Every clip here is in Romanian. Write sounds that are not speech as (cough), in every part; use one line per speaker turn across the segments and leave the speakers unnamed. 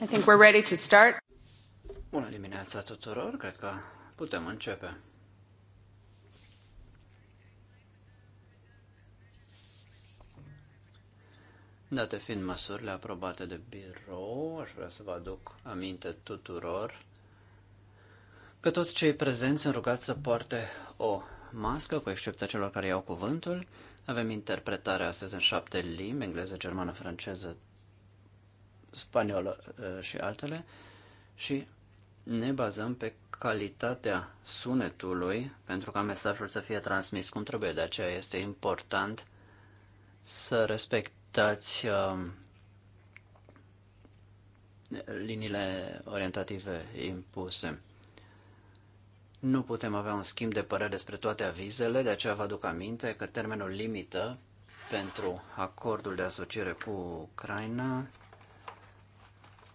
I
think we're ready to start.
Bună dimineața tuturor, cred că putem începe. Date fiind măsurile aprobate de birou, aș vrea să vă aduc aminte tuturor că toți cei prezenți sunt rugați să poarte o mască, cu excepția celor care iau cuvântul. Avem interpretare astăzi în șapte limbi, engleză, germană, franceză, spaniolă uh, și altele și ne bazăm pe calitatea sunetului pentru ca mesajul să fie transmis cum trebuie. De aceea este important să respectați uh, liniile orientative impuse. Nu putem avea un schimb de părere despre toate avizele, de aceea vă aduc aminte că termenul limită pentru acordul de asociere cu Ucraina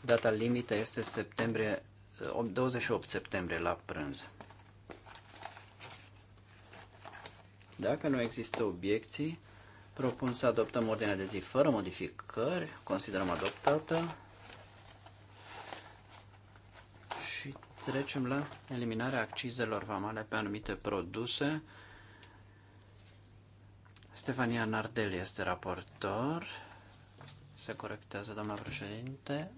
Data limită este septembrie, 28 eh, septembrie la prânz. Dacă nu există obiecții, propun să adoptăm ordinea de zi fără modificări, considerăm adoptată și trecem la eliminarea accizelor vamale pe anumite produse. Stefania Nardel este raportor. Se corectează, doamna președinte.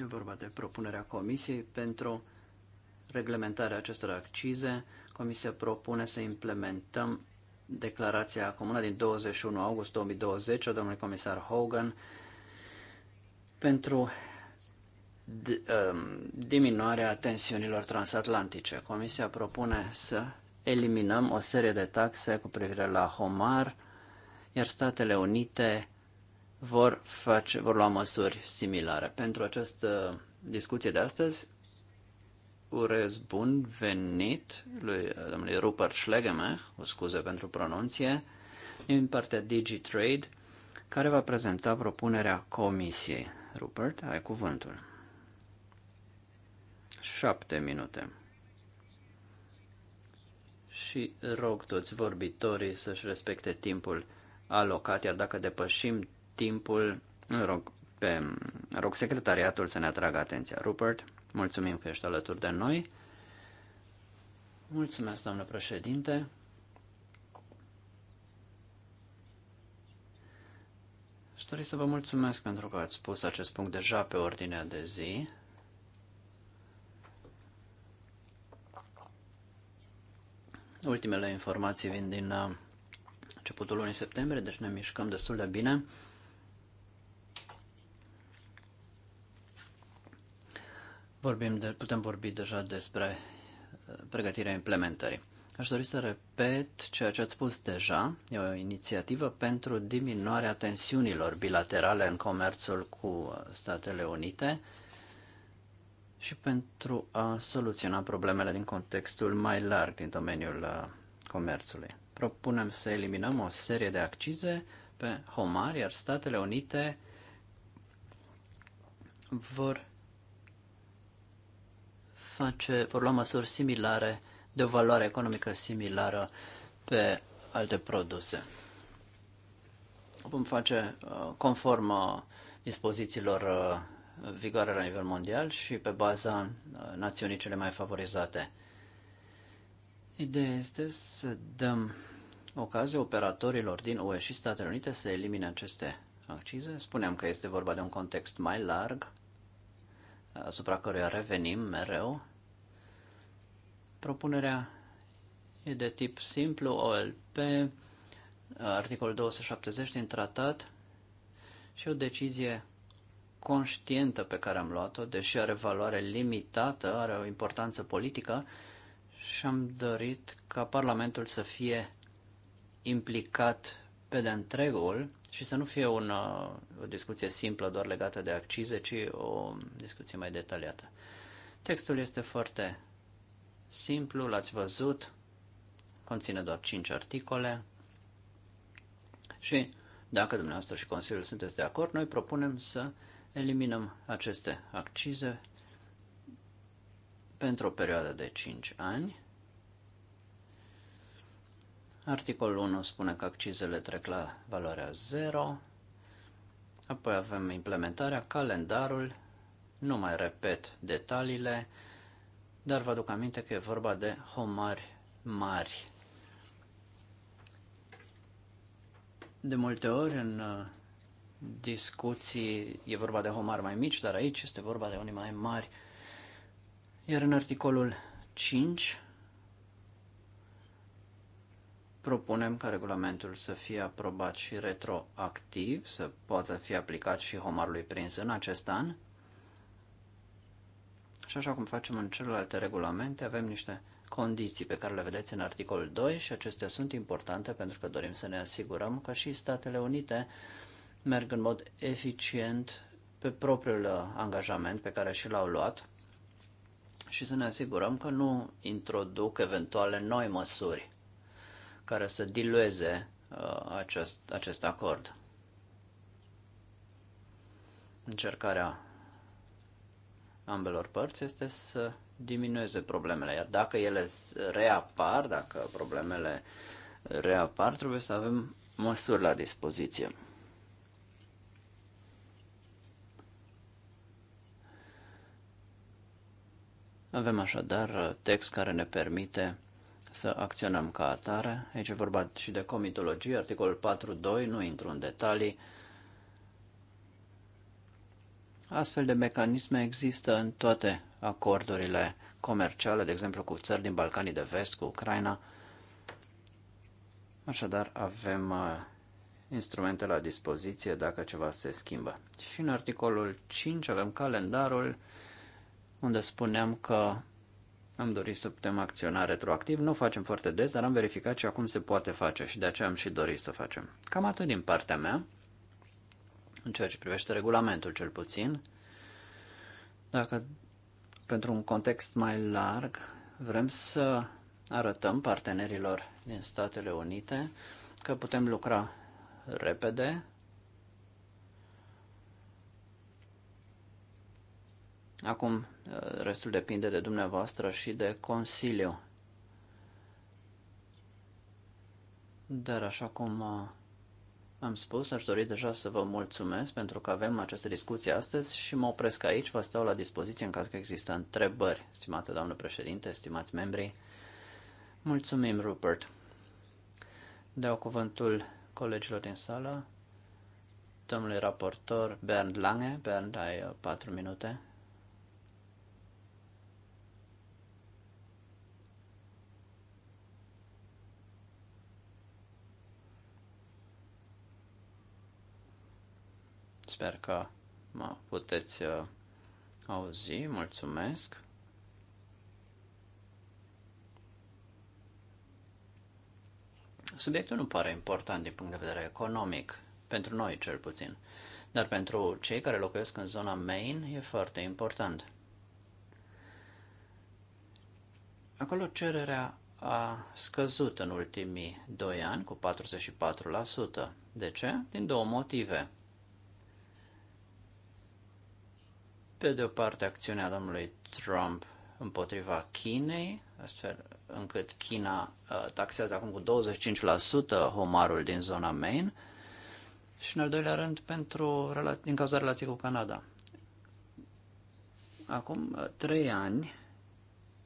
E vorba de propunerea Comisiei pentru reglementarea acestor accize. Comisia propune să implementăm declarația comună din 21 august 2020 a domnului comisar Hogan pentru um, diminuarea tensiunilor transatlantice. Comisia propune să eliminăm o serie de taxe cu privire la homar, iar Statele Unite vor, face, vor lua măsuri similare. Pentru această discuție de astăzi urez bun venit lui uh, domnului Rupert Schlegemech, o scuze pentru pronunție, din partea DigiTrade, care va prezenta propunerea comisiei. Rupert, ai cuvântul. Șapte minute. Și rog toți vorbitorii să-și respecte timpul alocat, iar dacă depășim timpul. Îl rog, pe, rog secretariatul să ne atragă atenția. Rupert, mulțumim că ești alături de noi. Mulțumesc, doamnă președinte. Aș dori să vă mulțumesc pentru că ați pus acest punct deja pe ordinea de zi. Ultimele informații vin din uh, începutul lunii septembrie, deci ne mișcăm destul de bine. vorbim de, putem vorbi deja despre uh, pregătirea implementării. Aș dori să repet ceea ce ați spus deja. E o inițiativă pentru diminuarea tensiunilor bilaterale în comerțul cu uh, Statele Unite și pentru a soluționa problemele din contextul mai larg din domeniul uh, comerțului. Propunem să eliminăm o serie de accize pe homar, iar Statele Unite vor face, vor lua măsuri similare, de o valoare economică similară pe alte produse. O vom face uh, conform uh, dispozițiilor uh, vigoare la nivel mondial și pe baza națiunii cele mai favorizate. Ideea este să dăm ocazie operatorilor din UE și Statele Unite să elimine aceste accize. Spuneam că este vorba de un context mai larg asupra căruia revenim mereu Propunerea e de tip simplu, OLP, articolul 270 din tratat și o decizie conștientă pe care am luat-o, deși are valoare limitată, are o importanță politică și am dorit ca Parlamentul să fie implicat pe de întregul și să nu fie una, uh, o discuție simplă doar legată de accize, ci o discuție mai detaliată. Textul este foarte simplu, l-ați văzut, conține doar 5 articole și dacă dumneavoastră și Consiliul sunteți de acord, noi propunem să eliminăm aceste accize pentru o perioadă de 5 ani. Articolul 1 spune că accizele trec la valoarea 0, apoi avem implementarea, calendarul, nu mai repet detaliile, dar vă aduc aminte că e vorba de homari mari. De multe ori în uh, discuții e vorba de homari mai mici, dar aici este vorba de unii mai mari. Iar în articolul 5 propunem ca regulamentul să fie aprobat și retroactiv, să poată fi aplicat și homarului prins în acest an, și așa cum facem în celelalte regulamente, avem niște condiții pe care le vedeți în articolul 2 și acestea sunt importante pentru că dorim să ne asigurăm că și Statele Unite merg în mod eficient pe propriul angajament pe care și l-au luat și să ne asigurăm că nu introduc eventuale noi măsuri care să dilueze uh, acest, acest acord. Încercarea ambelor părți este să diminueze problemele. Iar dacă ele reapar, dacă problemele reapar, trebuie să avem măsuri la dispoziție. Avem așadar text care ne permite să acționăm ca atare. Aici e vorba și de comitologie, articolul 4.2, nu intru în detalii, Astfel de mecanisme există în toate acordurile comerciale, de exemplu cu țări din Balcanii de Vest, cu Ucraina. Așadar, avem uh, instrumente la dispoziție dacă ceva se schimbă. Și în articolul 5 avem calendarul unde spuneam că am dorit să putem acționa retroactiv. Nu o facem foarte des, dar am verificat și acum se poate face și de aceea am și dorit să facem. Cam atât din partea mea în ceea ce privește regulamentul cel puțin. Dacă pentru un context mai larg vrem să arătăm partenerilor din Statele Unite că putem lucra repede Acum, eh, restul depinde de dumneavoastră și de Consiliu. Dar așa cum eh, am spus, aș dori deja să vă mulțumesc pentru că avem această discuție astăzi și mă opresc aici, vă stau la dispoziție în caz că există întrebări, stimată doamnă președinte, stimați membri. Mulțumim, Rupert. Dau cuvântul colegilor din sală, domnului raportor Bernd Lange. Bernd, ai uh, patru minute. Sper că mă puteți uh, auzi. Mulțumesc! Subiectul nu pare important din punct de vedere economic, pentru noi cel puțin, dar pentru cei care locuiesc în zona Maine e foarte important. Acolo cererea a scăzut în ultimii 2 ani cu 44%. De ce? Din două motive. Pe de o parte, acțiunea domnului Trump împotriva Chinei, astfel încât China uh, taxează acum cu 25% homarul din zona Maine și, în al doilea rând, pentru, din cauza relației cu Canada. Acum uh, trei ani,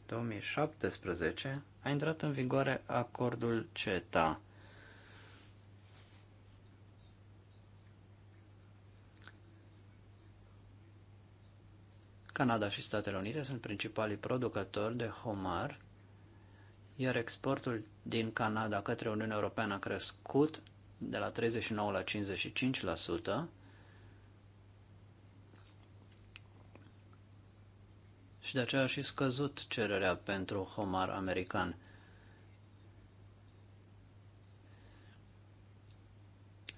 2017, a intrat în vigoare acordul CETA, Canada și Statele Unite sunt principalii producători de homar, iar exportul din Canada către Uniunea Europeană a crescut de la 39 la 55%. Și de aceea a și scăzut cererea pentru homar american.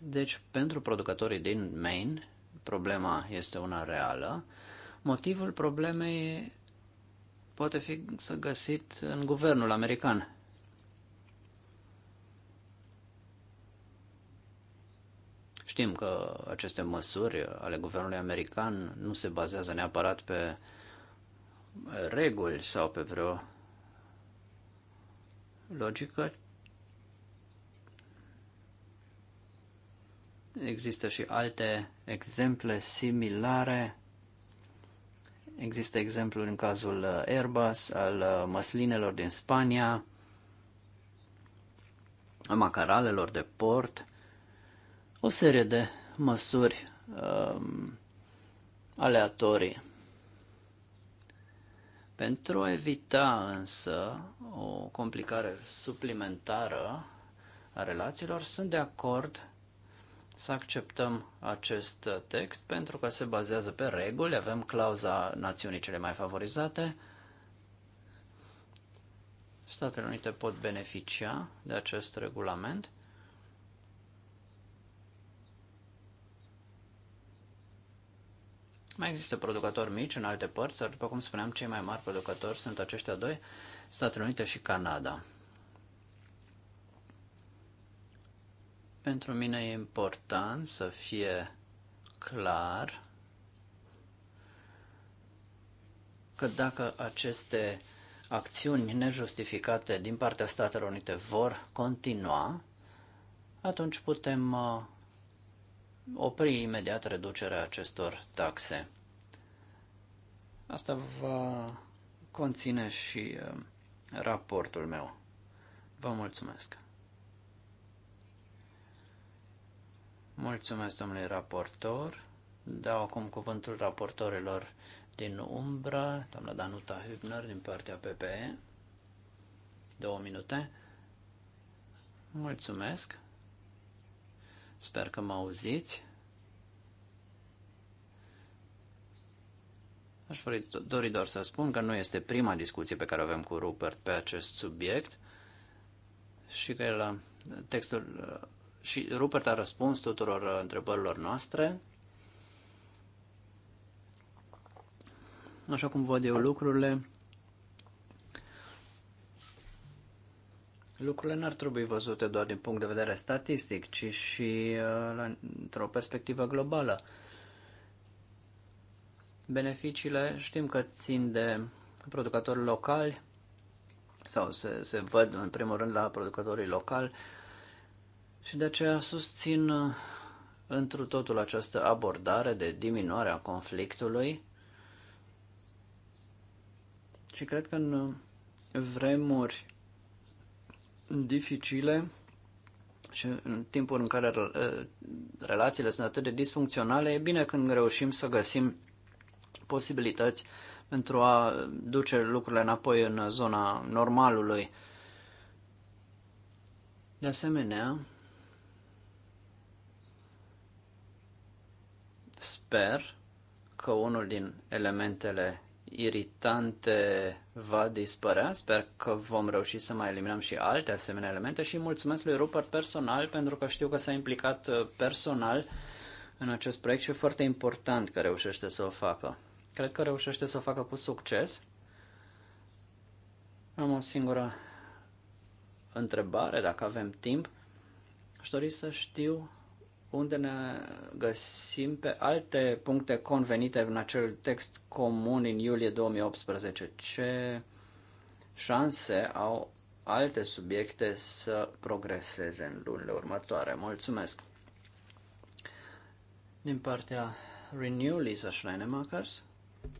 Deci, pentru producătorii din Maine, problema este una reală. Motivul problemei poate fi să găsit în guvernul american. Știm că aceste măsuri ale guvernului american nu se bazează neapărat pe reguli sau pe vreo logică. Există și alte exemple similare Există exemplu în cazul uh, Airbus, al uh, măslinelor din Spania, a macaralelor de port, o serie de măsuri um, aleatorii. Pentru a evita însă o complicare suplimentară a relațiilor, sunt de acord să acceptăm acest uh, text pentru că se bazează pe reguli, avem clauza națiunii cele mai favorizate. Statele Unite pot beneficia de acest regulament. Mai există producători mici în alte părți, dar după cum spuneam, cei mai mari producători sunt aceștia doi, Statele Unite și Canada. Pentru mine e important să fie clar că dacă aceste acțiuni nejustificate din partea Statelor Unite vor continua, atunci putem uh, opri imediat reducerea acestor taxe. Asta va conține și uh, raportul meu. Vă mulțumesc! Mulțumesc, domnule raportor. Dau acum cuvântul raportorilor din Umbra, doamna Danuta Hübner din partea PPE. Două minute. Mulțumesc. Sper că mă auziți. Aș dori doar să spun că nu este prima discuție pe care o avem cu Rupert pe acest subiect și că el, textul și Rupert a răspuns tuturor uh, întrebărilor noastre. Așa cum văd eu lucrurile, lucrurile n-ar trebui văzute doar din punct de vedere statistic, ci și uh, într-o perspectivă globală. Beneficiile știm că țin de producători locali sau se, se văd în primul rând la producătorii locali, uh, și de aceea susțin uh, întru totul această abordare de diminuare a conflictului și cred că în uh, vremuri dificile și în timpul în care uh, relațiile sunt atât de disfuncționale, e bine când reușim să găsim posibilități pentru a duce lucrurile înapoi în zona normalului. De asemenea, Sper că unul din elementele iritante va dispărea. Sper că vom reuși să mai eliminăm și alte asemenea elemente și mulțumesc lui Rupert personal pentru că știu că s-a implicat uh, personal în acest proiect și e foarte important că reușește să o facă. Cred că reușește să o facă cu succes. Am o singură întrebare, dacă avem timp. Aș dori să știu unde ne găsim pe alte puncte convenite în acel text comun în iulie 2018. Ce șanse au alte subiecte să progreseze în lunile următoare? Mulțumesc! Din partea Renew, Lisa Schleinemakers.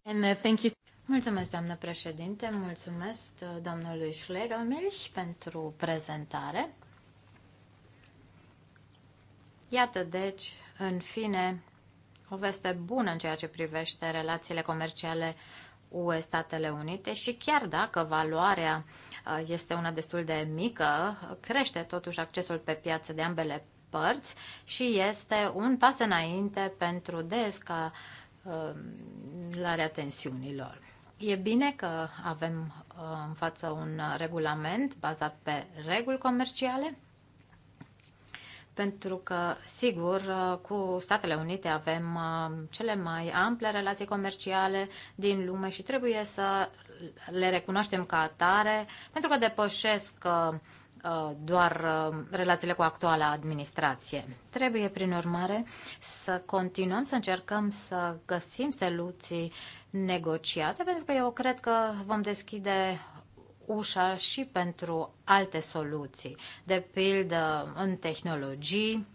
Uh,
thank you. Mulțumesc, doamnă președinte, mulțumesc uh, domnului Schlegelmilch pentru prezentare. Iată, deci, în fine, o veste bună în ceea ce privește relațiile comerciale UE-Statele Unite și chiar dacă valoarea uh, este una destul de mică, crește totuși accesul pe piață de ambele părți și este un pas înainte pentru deescalarea uh, tensiunilor. E bine că avem uh, în față un regulament bazat pe reguli comerciale pentru că, sigur, cu Statele Unite avem uh, cele mai ample relații comerciale din lume și trebuie să le recunoaștem ca atare, pentru că depășesc uh, uh, doar relațiile cu actuala administrație. Trebuie, prin urmare, să continuăm să încercăm să găsim soluții negociate, pentru că eu cred că vom deschide ușa și pentru alte soluții, de pildă în tehnologii,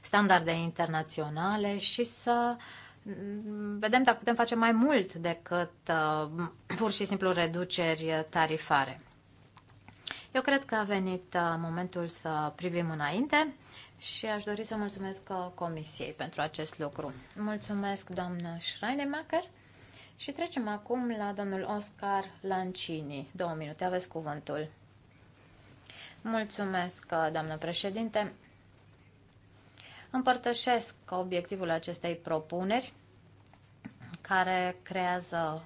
standarde internaționale și să mm, vedem dacă putem face mai mult decât uh, pur și simplu reduceri tarifare. Eu cred că a venit uh, momentul să privim înainte și aș dori să mulțumesc uh, Comisiei pentru acest lucru. Mulțumesc, doamnă Schreinemacher. Și trecem acum la domnul Oscar Lancini. Două minute, aveți cuvântul. Mulțumesc, doamnă președinte. Împărtășesc obiectivul acestei propuneri care creează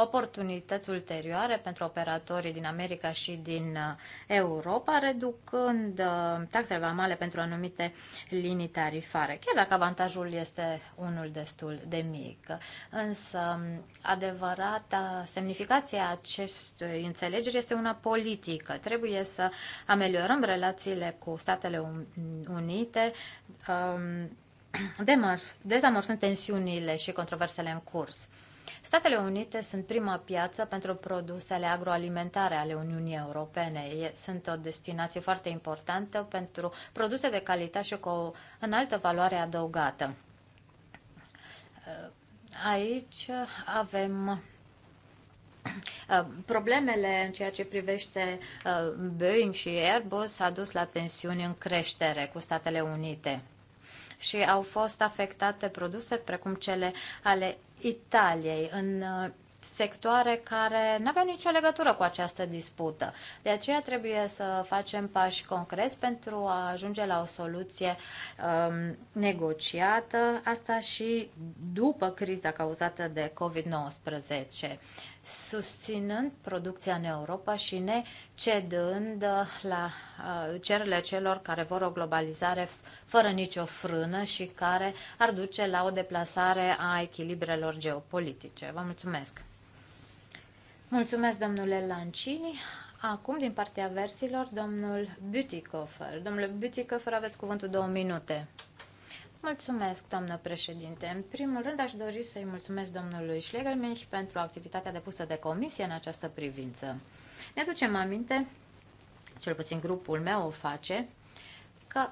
oportunități ulterioare pentru operatorii din America și din uh, Europa, reducând uh, taxele vamale pentru anumite linii tarifare, chiar dacă avantajul este unul destul de mic. Însă, um, adevărata semnificație a acestui înțelegeri este una politică. Trebuie să ameliorăm relațiile cu Statele Unite, um, (clears throat) dezamorsând tensiunile și controversele în curs. Statele Unite sunt prima piață pentru produsele agroalimentare ale Uniunii Europene. Sunt o destinație foarte importantă pentru produse de calitate și cu o înaltă valoare adăugată. Aici avem uh, Problemele în ceea ce privește uh, Boeing și Airbus a dus la tensiuni în creștere cu Statele Unite și au fost afectate produse precum cele ale Italiei, în uh, sectoare care nu aveau nicio legătură cu această dispută. De aceea trebuie să facem pași concreți pentru a ajunge la o soluție um, negociată, asta și după criza cauzată de COVID-19 susținând producția în Europa și ne cedând uh, la uh, cererile celor care vor o globalizare fără nicio frână și care ar duce la o deplasare a echilibrelor geopolitice. Vă mulțumesc! Mulțumesc, domnule Lancini. Acum, din partea versilor, domnul Butikofer. Domnule Butikofer, aveți cuvântul două minute. Mulțumesc, doamnă președinte. În primul rând, aș dori să-i mulțumesc domnului Schlegelmilch pentru activitatea depusă de comisie în această privință. Ne ducem aminte, cel puțin grupul meu o face, că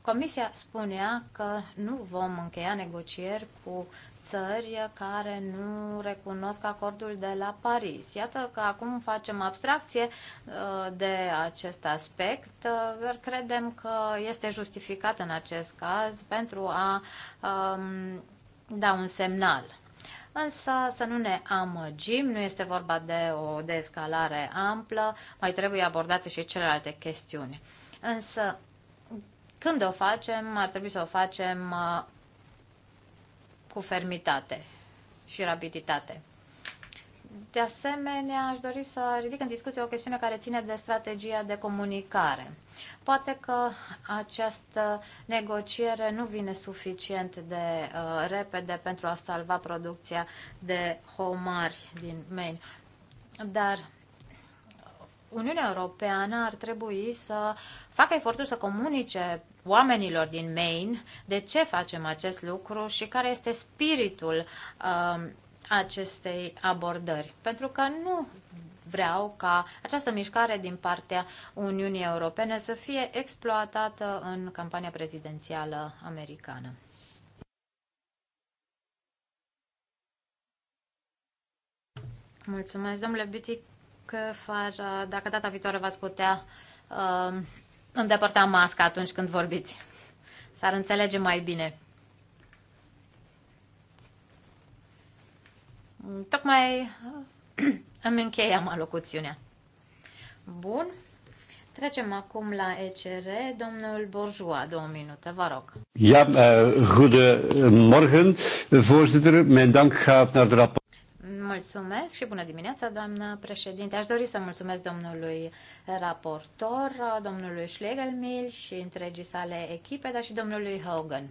Comisia spunea că nu vom încheia negocieri cu țări care nu recunosc acordul de la Paris. Iată că acum facem abstracție uh, de acest aspect, uh, dar credem că este justificat în acest caz pentru a um, da un semnal. Însă să nu ne amăgim, nu este vorba de o descalare amplă, mai trebuie abordate și celelalte chestiuni. Însă, când o facem, ar trebui să o facem uh, cu fermitate și rapiditate. De asemenea, aș dori să ridic în discuție o chestiune care ține de strategia de comunicare. Poate că această negociere nu vine suficient de uh, repede pentru a salva producția de homari din Maine, dar Uniunea Europeană ar trebui să facă eforturi să comunice oamenilor din Maine de ce facem acest lucru și care este spiritul uh, acestei abordări. Pentru că nu vreau ca această mișcare din partea Uniunii Europene să fie exploatată în campania prezidențială americană. Mulțumesc, domnule Beauty, că far, dacă data viitoare v-ați putea uh, îndepărta masca atunci când vorbiți. S-ar înțelege mai bine. Tocmai (clears throat) îmi încheiam alocuțiunea. Bun. Trecem acum la ECR. Domnul Borjoa, două minute, vă rog.
Ja, uh, eh, morgen, voorzitter. Mijn dank gaat naar de rapport.
Mulțumesc și bună dimineața, doamnă președinte. Aș dori să mulțumesc domnului raportor, domnului Schlegelmil și întregii sale echipe, dar și domnului Hogan.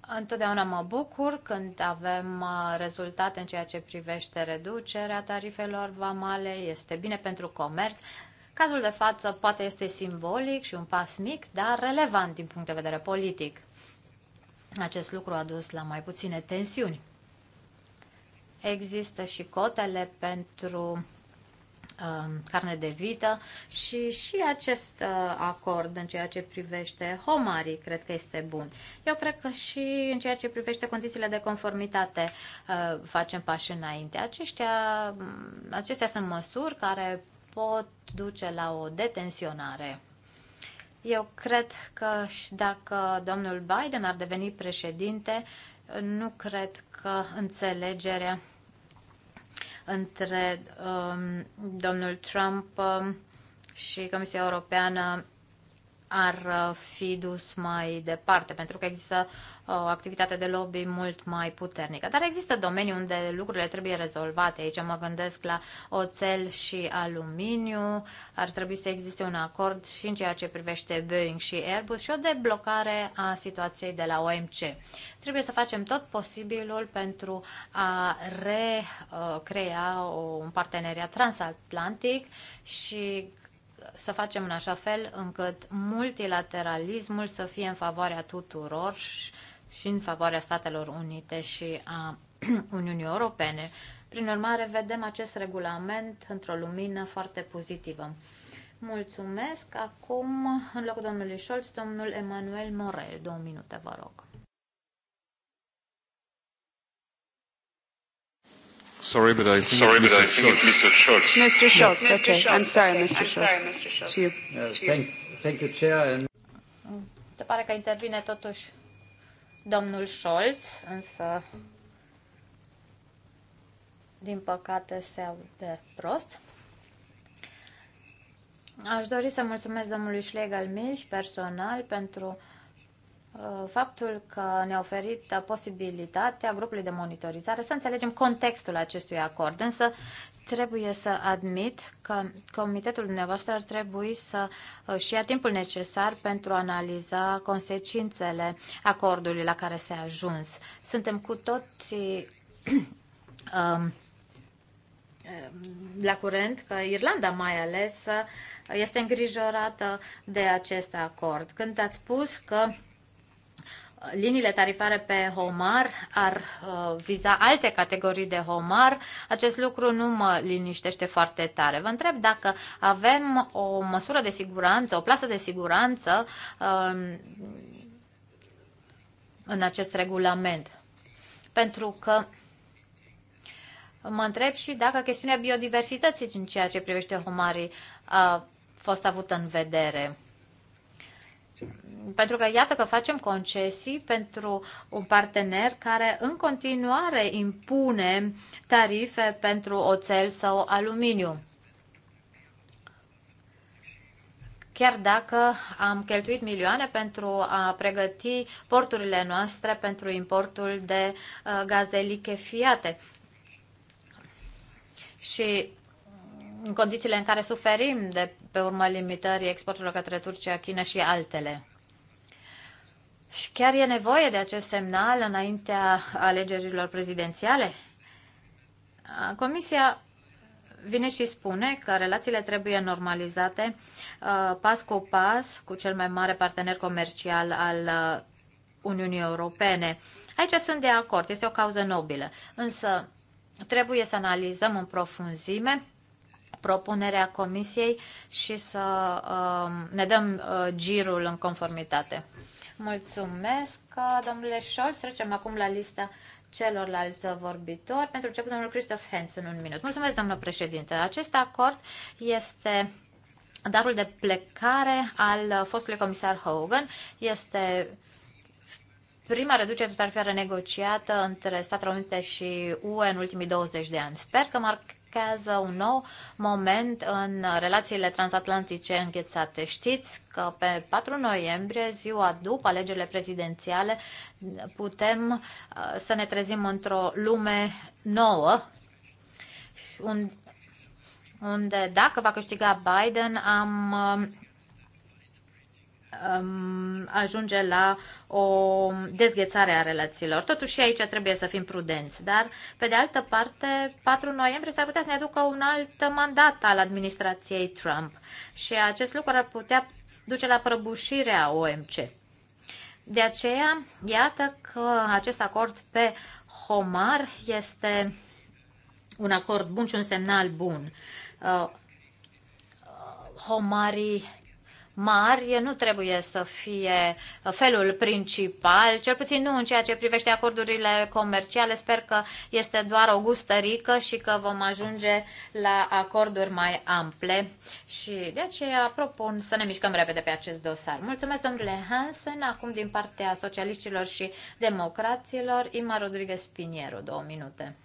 Întotdeauna mă bucur când avem uh, rezultate în ceea ce privește reducerea tarifelor vamale. Este bine pentru comerț. Cazul de față poate este simbolic și un pas mic, dar relevant din punct de vedere politic. Acest lucru a dus la mai puține tensiuni. Există și cotele pentru um, carne de vită și și acest uh, acord în ceea ce privește homarii cred că este bun. Eu cred că și în ceea ce privește condițiile de conformitate uh, facem pași înainte. Aceștia, mm, acestea sunt măsuri care pot duce la o detensionare. Eu cred că și dacă domnul Biden ar deveni președinte, nu cred că înțelegerea între um, domnul Trump um, și Comisia Europeană ar uh, fi dus mai departe, pentru că există o uh, activitate de lobby mult mai puternică. Dar există domenii unde lucrurile trebuie rezolvate. Aici mă gândesc la oțel și aluminiu. Ar trebui să existe un acord și în ceea ce privește Boeing și Airbus și o deblocare a situației de la OMC. Trebuie să facem tot posibilul pentru a recrea uh, un parteneriat transatlantic și să facem în așa fel încât multilateralismul să fie în favoarea tuturor și în favoarea Statelor Unite și a (clears throat) Uniunii Europene. Prin urmare, vedem acest regulament într-o lumină foarte pozitivă. Mulțumesc. Acum, în locul domnului Scholz, domnul Emanuel Morel. Două minute, vă rog.
Sorry, but I think, sorry, but I think it's Mr. Schultz.
Mr. Schultz, yes, okay. Schultz. I'm sorry, Mr. I'm Schultz. Sorry, Mr. Schultz. To you. Uh, thank, thank you, Chair. And...
Se pare că intervine totuși domnul Scholz, însă din păcate se aude prost. Aș dori să mulțumesc domnului Schlegelmilch personal pentru Uh, faptul că ne-a oferit uh, posibilitatea grupului de monitorizare să înțelegem contextul acestui acord. Însă trebuie să admit că comitetul dumneavoastră ar trebui să uh, și ia timpul necesar pentru a analiza consecințele acordului la care s-a ajuns. Suntem cu toți (clears throat) um, la curent că Irlanda mai ales este îngrijorată de acest acord. Când ați spus că liniile tarifare pe homar ar uh, viza alte categorii de homar, acest lucru nu mă liniștește foarte tare. Vă întreb dacă avem o măsură de siguranță, o plasă de siguranță um, în acest regulament. Pentru că mă întreb și dacă chestiunea biodiversității în ceea ce privește homarii a fost avută în vedere pentru că iată că facem concesii pentru un partener care în continuare impune tarife pentru oțel sau aluminiu. Chiar dacă am cheltuit milioane pentru a pregăti porturile noastre pentru importul de uh, gaze lichefiate. Și în condițiile în care suferim de pe urma limitării exporturilor către Turcia, China și altele. Și chiar e nevoie de acest semnal înaintea alegerilor prezidențiale? Comisia vine și spune că relațiile trebuie normalizate uh, pas cu pas cu cel mai mare partener comercial al uh, Uniunii Europene. Aici sunt de acord, este o cauză nobilă, însă trebuie să analizăm în profunzime propunerea comisiei și să um, ne dăm uh, girul în conformitate. Mulțumesc, uh, domnule Scholz. Trecem acum la lista celorlalți vorbitori. Pentru început, domnul Christoph Hansen, un minut. Mulțumesc, domnule președinte. Acest acord este darul de plecare al fostului comisar Hogan. Este prima reducere tarifară negociată între Statele Unite și UE în ultimii 20 de ani. Sper că Mark marchează un nou moment în relațiile transatlantice înghețate. Știți că pe 4 noiembrie, ziua după alegerile prezidențiale, putem uh, să ne trezim într-o lume nouă, unde dacă va câștiga Biden, am uh, um, ajunge la o dezghețare a relațiilor. Totuși aici trebuie să fim prudenți, dar pe de altă parte 4 noiembrie s-ar putea să ne aducă un alt mandat al administrației Trump și acest lucru ar putea duce la prăbușirea OMC. De aceea, iată că acest acord pe Homar este un acord bun și un semnal bun. Uh, homarii mari nu trebuie să fie felul principal, cel puțin nu în ceea ce privește acordurile comerciale. Sper că este doar o gustărică și că vom ajunge la acorduri mai ample și de aceea propun să ne mișcăm repede pe acest dosar. Mulțumesc, domnule Hansen. Acum, din partea socialiștilor și democraților, Ima Rodriguez Pinieru, două minute.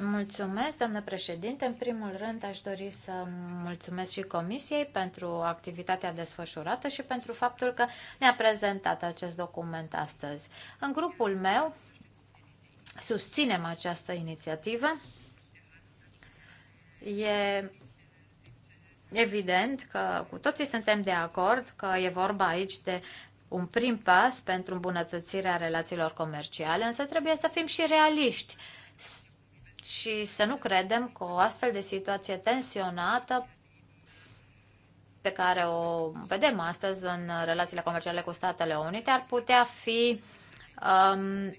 Mulțumesc, doamnă președinte. În primul rând, aș dori să mulțumesc și Comisiei pentru activitatea desfășurată și pentru faptul că ne-a prezentat acest document astăzi. În grupul meu susținem această inițiativă. E evident că cu toții suntem de acord că e vorba aici de un prim pas pentru îmbunătățirea relațiilor comerciale, însă trebuie să fim și realiști și să nu credem că o astfel de situație tensionată pe care o vedem astăzi în relațiile comerciale cu Statele Unite ar putea fi um,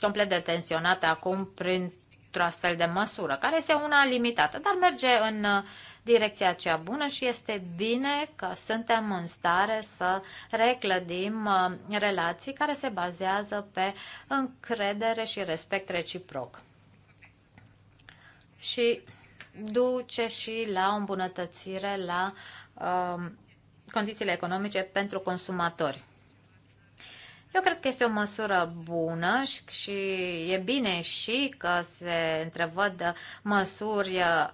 complet detensionată acum printr-o astfel de măsură, care este una limitată, dar merge în uh, direcția cea bună și este bine că suntem în stare să reclădim uh, relații care se bazează pe încredere și respect reciproc și duce și la o îmbunătățire la uh, condițiile economice pentru consumatori. Eu cred că este o măsură bună și, și e bine și că se întrevăd măsuri uh,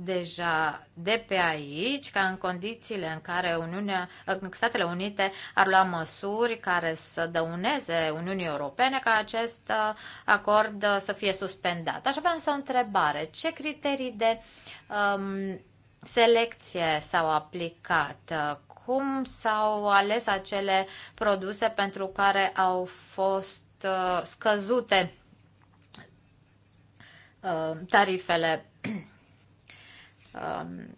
deja de pe aici ca în condițiile în care Uniunea, Statele Unite ar lua măsuri care să dăuneze Uniunii Europene ca acest uh, acord uh, să fie suspendat. Aș avea însă o întrebare. Ce criterii de um, selecție s-au aplicat? Cum s-au ales acele produse pentru care au fost uh, scăzute uh, tarifele (clears throat) Um,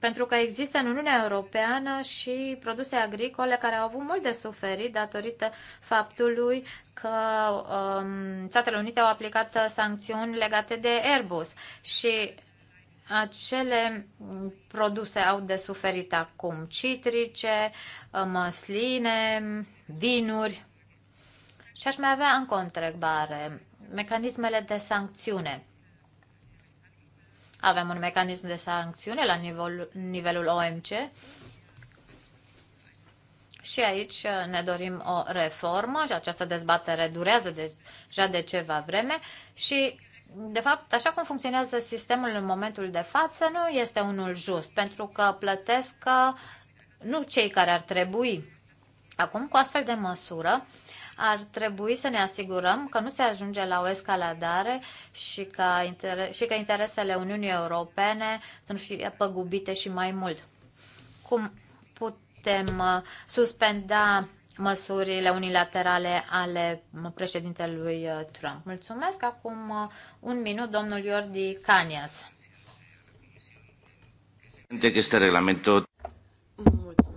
pentru că există în Uniunea Europeană și produse agricole care au avut mult de suferit datorită faptului că um, Statele Unite au aplicat sancțiuni legate de Airbus și acele produse au de suferit acum citrice, um, măsline, vinuri și aș mai avea o întrebare, mecanismele de sancțiune Aveam un mecanism de sancțiune la nivel, nivelul OMC și aici uh, ne dorim o reformă și această dezbatere durează deja de ceva vreme și de fapt, așa cum funcționează sistemul în momentul de față, nu este unul just, pentru că plătesc uh, nu cei care ar trebui. Acum, cu astfel de măsură, ar trebui să ne asigurăm că nu se ajunge la o escaladare și că, inter- și că interesele Uniunii Europene sunt fie păgubite și mai mult. Cum putem uh, suspenda măsurile unilaterale ale uh, președintelui uh, Trump. Mulțumesc. Acum un minut, domnul Iordi Canias.
este regulamentul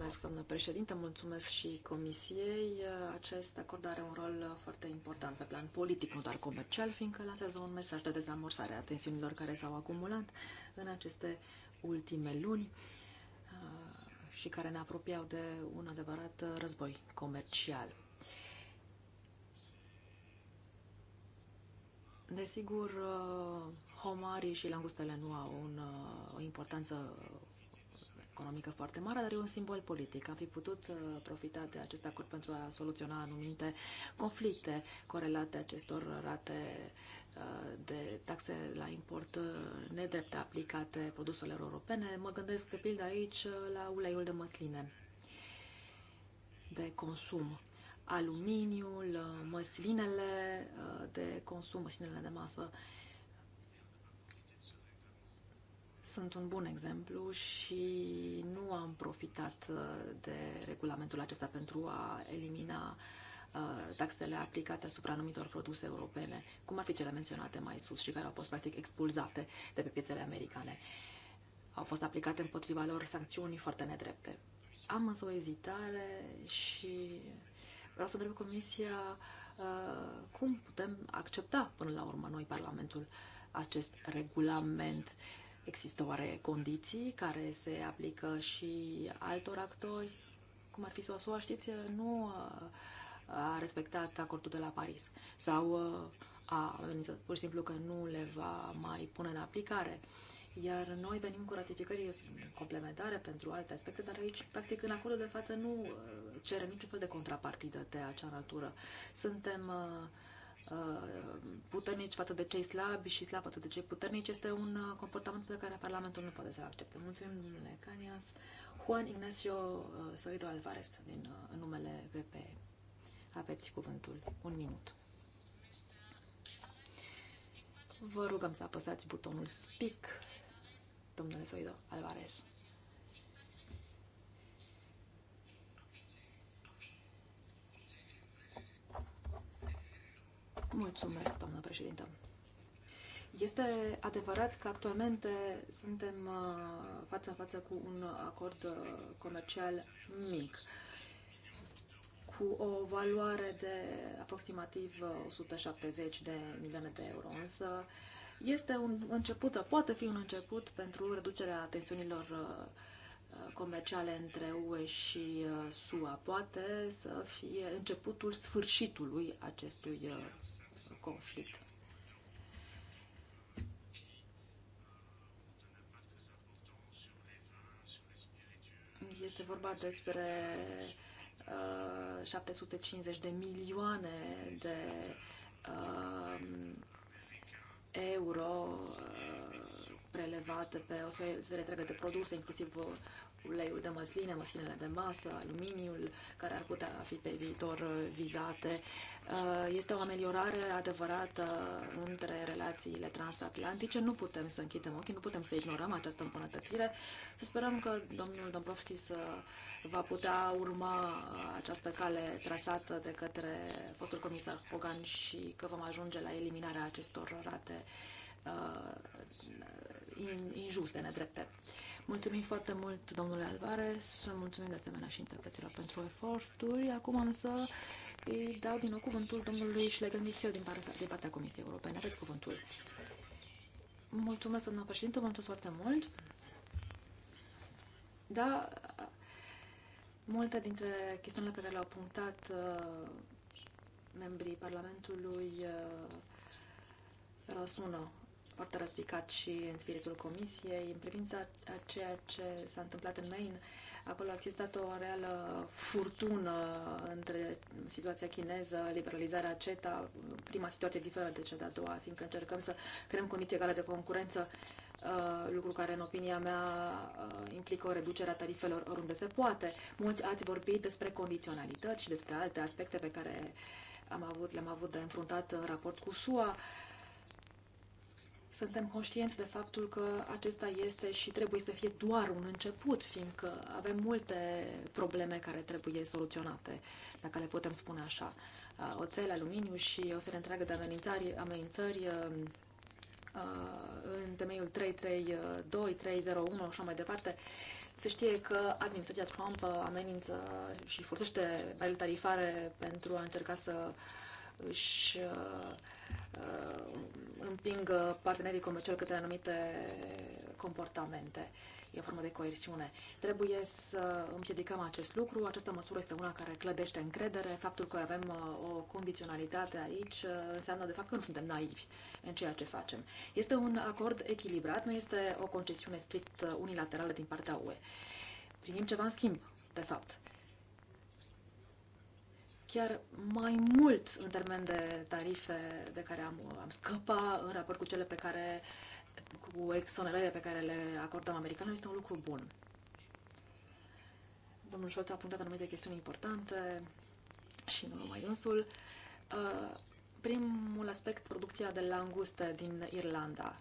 Mulțumesc, doamnă președinte, mulțumesc și Comisiei. Acest acord are un rol foarte important pe plan politic, nu doar comercial, fiindcă lansează un mesaj de dezamorsare a tensiunilor care s-au acumulat în aceste ultime luni uh, și care ne apropiau de un adevărat război comercial. Desigur, uh, homarii și langustele nu au un, uh, o importanță economică foarte mare, dar e un simbol politic. Am fi putut uh, profita de acest acord pentru a soluționa anumite conflicte corelate acestor rate uh, de taxe la import uh, nedrept aplicate produselor europene. Mă gândesc, de pildă, aici la uleiul de măsline de consum aluminiul, măslinele de consum, măslinele de masă. sunt un bun exemplu și nu am profitat uh, de regulamentul acesta pentru a elimina uh, taxele aplicate asupra anumitor produse europene, cum ar fi cele menționate mai sus și care au fost practic expulzate de pe piețele americane. Au fost aplicate împotriva lor sancțiuni foarte nedrepte. Am însă o ezitare și vreau să întreb Comisia uh, cum putem accepta până la urmă noi, Parlamentul, acest regulament Există oare condiții care se aplică și altor actori? Cum ar fi SUA, știți, nu uh, a respectat acordul de la Paris. Sau uh, a amenințat pur și simplu că nu le va mai pune în aplicare. Iar noi venim cu ratificări complementare pentru alte aspecte, dar aici, practic, în acordul de față nu uh, cerem niciun fel de contrapartidă de acea natură. Suntem uh, Uh, puternici față de cei slabi și slabi față de cei puternici este un uh, comportament pe care Parlamentul nu poate să-l accepte. Mulțumim, domnule Canias. Juan Ignacio uh, Soido Alvarez, din numele VP. Aveți cuvântul. Un minut. Vă rugăm să apăsați butonul Speak, domnule Soido Alvarez. Mulțumesc, doamnă președintă. Este adevărat că actualmente suntem uh, față în față cu un acord uh, comercial mic, cu o valoare de aproximativ 170 uh, de milioane de euro, însă este un început, sau poate fi un început pentru reducerea tensiunilor comerciale între UE și SUA. Poate să fie începutul sfârșitului acestui conflict. Este vorba despre uh, 750 de milioane de uh, euro uh, prelevate pe o serie întreagă de produse, inclusiv uh, uleiul de măsline, măslinele de masă, aluminiul, care ar putea fi pe viitor uh, vizate. Uh, este o ameliorare adevărată între relațiile transatlantice. Nu putem să închidem ochii, nu putem să ignorăm această îmbunătățire. Să sperăm că domnul Dombrovskis uh, va putea urma această cale trasată de către fostul comisar Hogan și că vom ajunge la eliminarea acestor rate injuste, nedrepte. Mulțumim foarte mult, domnule Alvarez, mulțumim de asemenea și interpreților pentru eforturi. Acum am să îi dau din nou cuvântul domnului Schlegel Michiu din, partea, din partea Comisiei Europene. Aveți cuvântul. Mulțumesc, domnul președinte, mulțumesc foarte mult. Da, multe dintre chestiunile pe care le-au punctat uh, membrii Parlamentului uh, răsună foarte răspicat și în spiritul comisiei, în privința a ceea ce s-a întâmplat în Maine. Acolo a existat o reală furtună între situația chineză, liberalizarea CETA, prima situație diferă de cea de-a doua, fiindcă încercăm să creăm condiții egale de concurență, uh, lucru care, în opinia mea, uh, implică o reducere a tarifelor oriunde se poate. Mulți ați vorbit despre condiționalități și despre alte aspecte pe care am avut, le-am avut de înfruntat în raport cu SUA. Uh, suntem conștienți de faptul că acesta este și trebuie să fie doar un început, fiindcă avem multe probleme care trebuie soluționate, dacă le putem spune așa. Uh, oțel, aluminiu și o serie întreagă de amenințări, amenințări uh, uh, în temeiul 332, 301 și așa mai departe. Se știe că administrația Trump amenință și folosește mai tarifare pentru a încerca să uh, își uh, uh, împingă partenerii comerciali către anumite comportamente. E o formă de coerțiune. Trebuie să împiedicăm acest lucru. Această măsură este una care clădește încredere. Faptul că avem uh, o condiționalitate aici înseamnă, de fapt, că nu suntem naivi în ceea ce facem. Este un acord echilibrat, nu este o concesiune strict unilaterală din partea UE. Primim ceva în schimb, de fapt chiar mai mult în termen de tarife de care am, am scăpat în raport cu cele pe care, cu exonerările pe care le acordăm americanilor, este un lucru bun. Domnul Scholz a punctat anumite chestiuni importante și nu numai însul. Uh, primul aspect, producția de languste din Irlanda,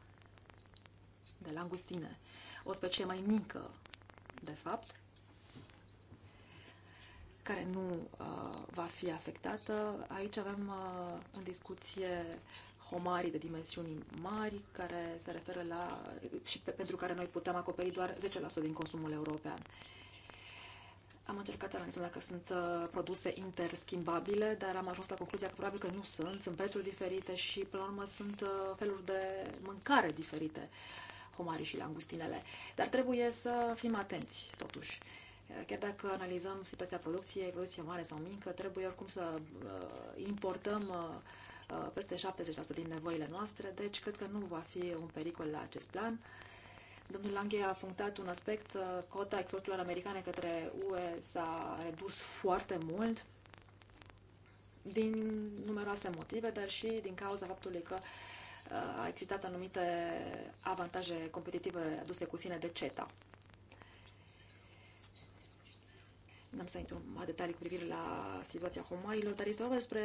de langustine, o specie mai mică, de fapt, care nu uh, va fi afectată. Aici avem uh, în discuție homarii de dimensiuni mari care se referă la și pe, pentru care noi putem acoperi doar 10% din consumul european. Am încercat să analizăm dacă sunt uh, produse interschimbabile, dar am ajuns la concluzia că probabil că nu sunt, sunt prețuri diferite și, până la urmă, sunt uh, feluri de mâncare diferite, homarii și langustinele. Dar trebuie să fim atenți, totuși. Uh, Chiar dacă analizăm situația producției, producție mare sau mică, trebuie oricum să uh, importăm uh, uh, peste 70% din nevoile noastre, deci cred că nu va fi un pericol la acest plan. Domnul Lange a punctat un aspect, cota exporturilor americane către UE s-a redus foarte mult din numeroase motive, dar și din cauza faptului că a existat anumite avantaje competitive aduse cu sine de CETA. N-am să intru mai detalii cu privire la situația homailor, dar este vorba despre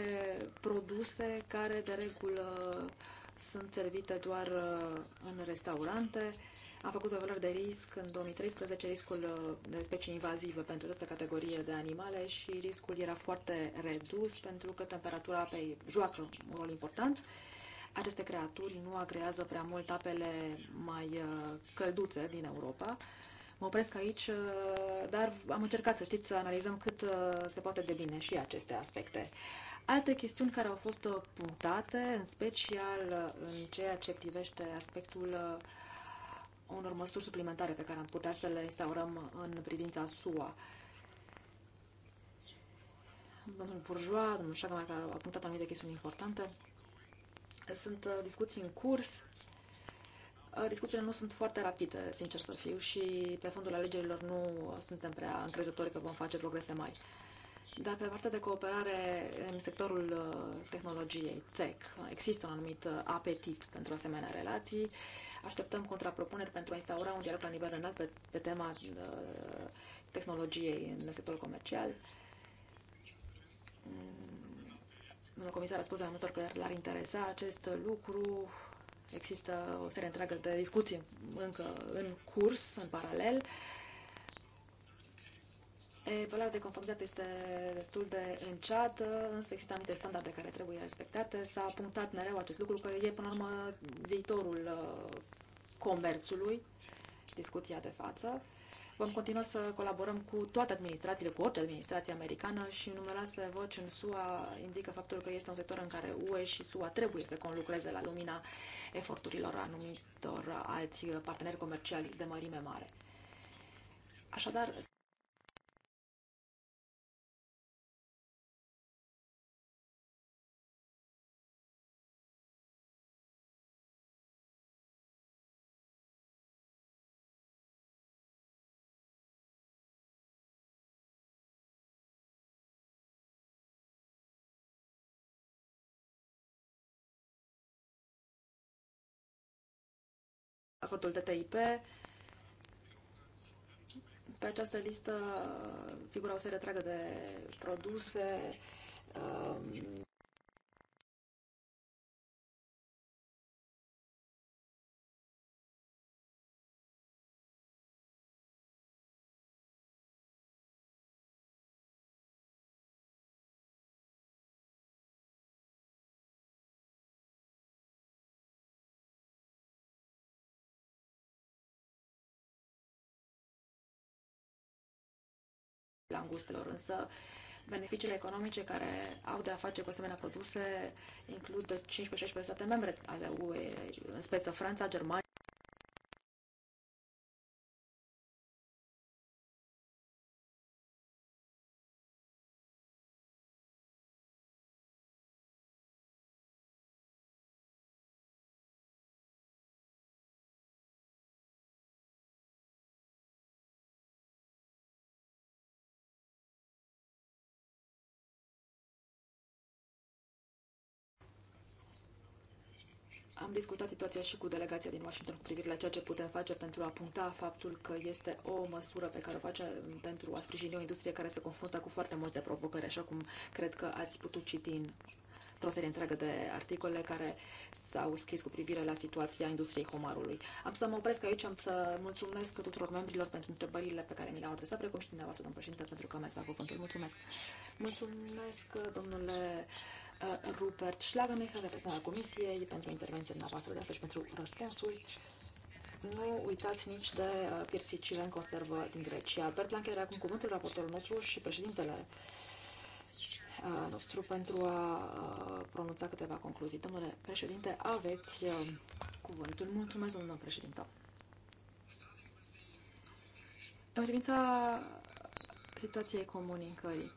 produse care de regulă sunt servite doar uh, în restaurante. Am făcut o evaluare de risc în 2013, riscul uh, de specii invazive pentru această categorie de animale și riscul era foarte redus pentru că temperatura apei joacă un rol important. Aceste creaturi nu agrează prea mult apele mai uh, călduțe din Europa Mă opresc aici, uh, dar am încercat să știți să analizăm cât uh, se poate de bine și aceste aspecte. Alte chestiuni care au fost uh, punctate, în special în ceea ce privește aspectul unor măsuri suplimentare pe care am putea să le instaurăm în privința SUA. Domnul Bourgeois, domnul Șagamar, care a punctat anumite chestiuni importante. Sunt discuții în curs Uh, discuțiile nu sunt foarte rapide, sincer să fiu, și pe fondul alegerilor nu suntem prea încrezători că vom face progrese mari. Dar pe partea de cooperare în sectorul uh, tehnologiei, tech, există un anumit uh, apetit pentru asemenea relații. Așteptăm contrapropuneri pentru a instaura un dialog la nivel înalt pe, pe tema tehnologiei în sectorul comercial. Mm, domnul comisar a spus de multe ori că l-ar interesa acest lucru Există o serie întreagă de discuții încă în curs, în paralel. Evaluarea de conformitate este destul de înceată, însă există anumite standarde care trebuie respectate. S-a punctat mereu acest lucru că e, până la urmă, viitorul uh, comerțului, discuția de față. Vom continua să colaborăm cu toate administrațiile, cu orice administrație americană și numeroase voci în SUA indică faptul că este un sector în care UE și SUA trebuie să conlucreze la lumina eforturilor anumitor alți parteneri comerciali de mărime mare. Așadar, raportul TTIP. Pe această listă figura o serie de produse um,
langustelor, însă
beneficiile economice care au de a face cu asemenea produse includ 15-16 state membre ale UE, în speță Franța, Germania, discutat situația și cu delegația din Washington cu privire la ceea ce putem face pentru a puncta faptul că este o măsură pe care o face mm, pentru a sprijini o industrie care se confruntă cu foarte multe provocări, așa cum cred că ați putut citi în o serie întreagă de articole care s-au scris cu privire la situația industriei homarului. Am să mă opresc aici, am să mulțumesc tuturor membrilor pentru întrebările pe care mi le-au adresat, precum și dumneavoastră, domnul președinte, pentru că mi-ați dat cuvântul. Mulțumesc! Mulțumesc, domnule Uh, Rupert Schlagermecher, reprezentantul Comisiei, pentru intervenția dumneavoastră de astăzi și pentru răspunsul. Nu uitați nici de uh, piersicile în conservă din Grecia. Bert Lanker are acum cuvântul raportorul nostru și președintele uh, nostru pentru a pronunța câteva concluzii. Domnule președinte, aveți cuvântul. Mulțumesc, domnule președinte. În privința situației comunicării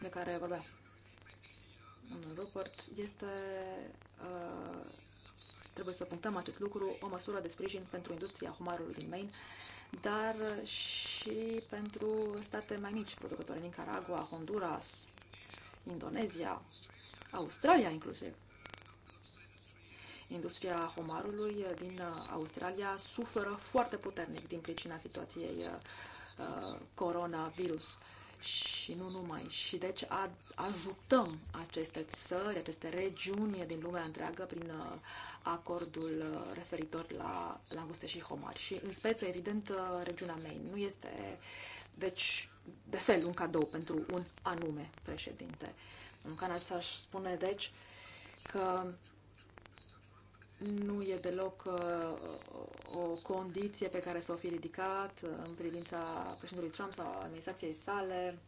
de care vorbea domnul Rupert, este, uh, trebuie să punctăm acest lucru, o măsură de sprijin pentru industria humarului din Maine, dar și pentru state mai mici producători, Nicaragua, Honduras, Indonezia, Australia inclusiv. Industria homarului din uh, Australia suferă foarte puternic din pricina situației uh, uh coronavirus. Uh, și nu numai. Și deci a, ajutăm aceste țări, aceste regiuni din lumea întreagă prin uh, acordul uh, referitor la languste și homari. Și în speță, evident, uh, regiunea Maine nu este, deci, de fel, un cadou pentru un anume președinte. În care s-aș spune, deci, că nu e deloc uh, o condiție pe care să o fi ridicat uh, în privința președintelui Trump sau administrației sale.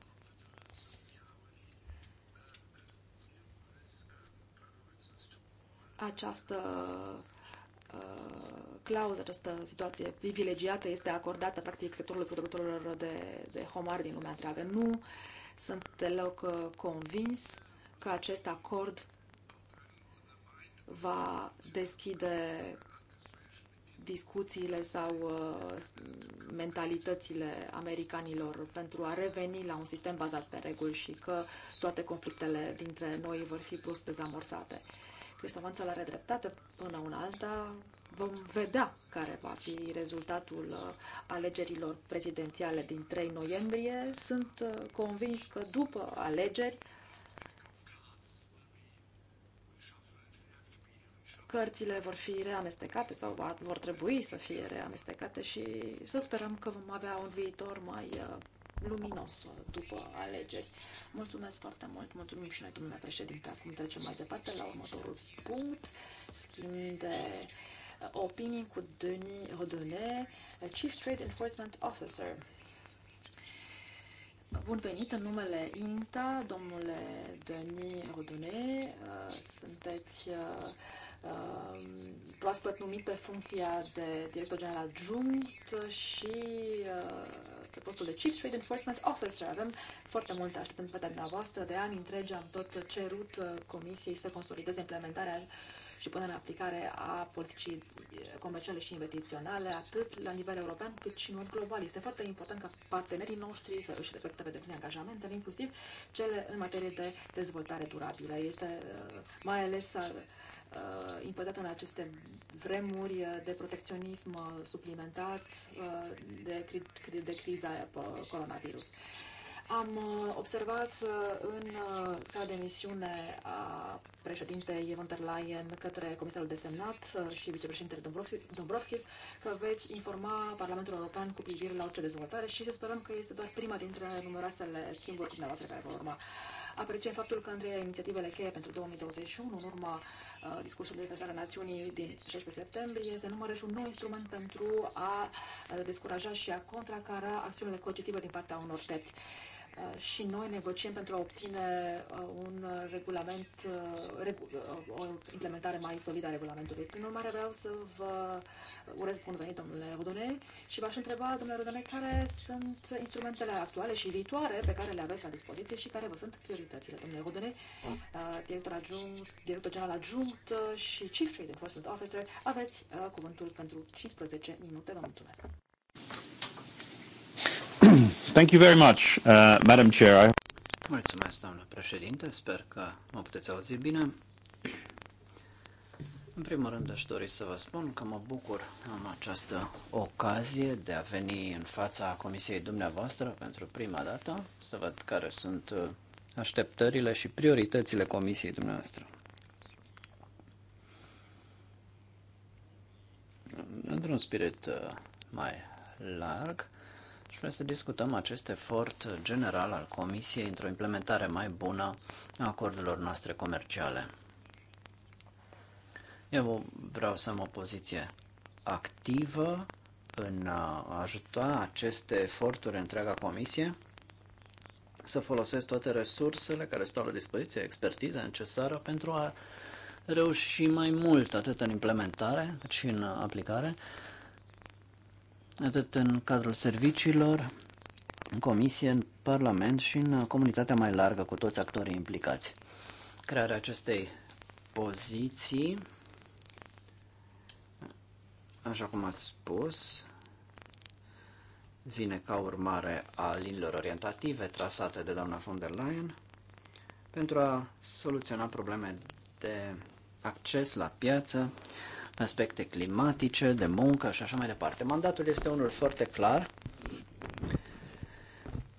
Această uh, clauză, această situație privilegiată este acordată practic sectorului producătorilor de, de homar din lumea întreagă. Nu sunt deloc convins că acest acord va deschide discuțiile sau uh, mentalitățile americanilor pentru a reveni la un sistem bazat pe reguli și că toate conflictele dintre noi vor fi brusc dezamorsate. Cristofanța la redreptate până una alta vom vedea care va fi rezultatul uh, alegerilor prezidențiale din 3 noiembrie. Sunt uh, convins că după alegeri cărțile vor fi reamestecate sau vor trebui să fie reamestecate și să sperăm că vom avea un viitor mai uh, luminos uh, după alegeri. Mulțumesc foarte mult, mulțumim și noi, domnule președinte. Acum trecem mai departe la următorul punct, schimb de uh, opinii cu Denis Rodone, Chief Trade Enforcement Officer. Bun venit în numele INSTA, domnule Denis Rodone, Sunteți uh, Um, proaspăt numit pe funcția de director general adjunct și uh, pe postul de Chief Trade Enforcement Officer. Avem foarte multe așteptări pe voastră. De ani întregi am tot cerut uh, Comisiei să consolideze implementarea și până în aplicare a politicii comerciale și investiționale, atât la nivel european cât și în mod global. Este foarte important ca partenerii noștri să își respecte pe deplin angajamentele, inclusiv cele în materie de dezvoltare durabilă. Este uh, mai ales uh, impădată în aceste vremuri de protecționism suplimentat uh, de, cri- de criza uh, coronavirus. Am uh, observat în cea de misiune a președintei von der Leyen către comisarul desemnat și vicepreședintele Dombrovskis că veți informa Parlamentul European cu privire la orice dezvoltare și să sperăm că este doar prima dintre numeroasele schimburi dumneavoastră care vor urma. Apreciem faptul că între inițiativele cheie pentru 2021, în urma Uh, discursul de aniversare a națiunii din 16 septembrie, se numără și un nou instrument pentru a uh, descuraja și a contracara acțiunile coercitive din partea unor terți. Uh, și noi negociem pentru a obține uh, un uh, regulament, o implementare mai solidă a regulamentului. Prin urmare, vreau să vă urez bun venit, domnule Rodone, și v-aș întreba, domnule Rodone, care sunt instrumentele actuale și viitoare pe care le aveți la dispoziție și care vă sunt prioritățile, domnule Rodone, director, adjunct, director general adjunct și Chief Trade Enforcement Officer, aveți cuvântul pentru 15 minute. Vă mulțumesc!
Thank you very much, uh, Madam Chair. I...
Mulțumesc, doamnă președinte. Sper că mă puteți auzi bine. În primul rând aș dori să vă spun că mă bucur am această ocazie de a veni în fața comisiei dumneavoastră pentru prima dată, să văd care sunt uh, așteptările și prioritățile comisiei dumneavoastră. Într-un spirit uh, mai larg, Vrem să discutăm acest efort general al Comisiei într-o implementare mai bună a acordurilor noastre comerciale. Eu vreau să am o poziție activă în a ajuta aceste eforturi întreaga Comisie să folosesc toate resursele care stau la dispoziție, expertiza necesară pentru a reuși mai mult atât în implementare cât și în aplicare atât în cadrul serviciilor, în comisie, în Parlament și în comunitatea mai largă cu toți actorii implicați. Crearea acestei poziții, așa cum ați spus, vine ca urmare a linilor orientative trasate de doamna von der Leyen pentru a soluționa probleme de acces la piață, pe aspecte climatice, de muncă și așa mai departe. Mandatul este unul foarte clar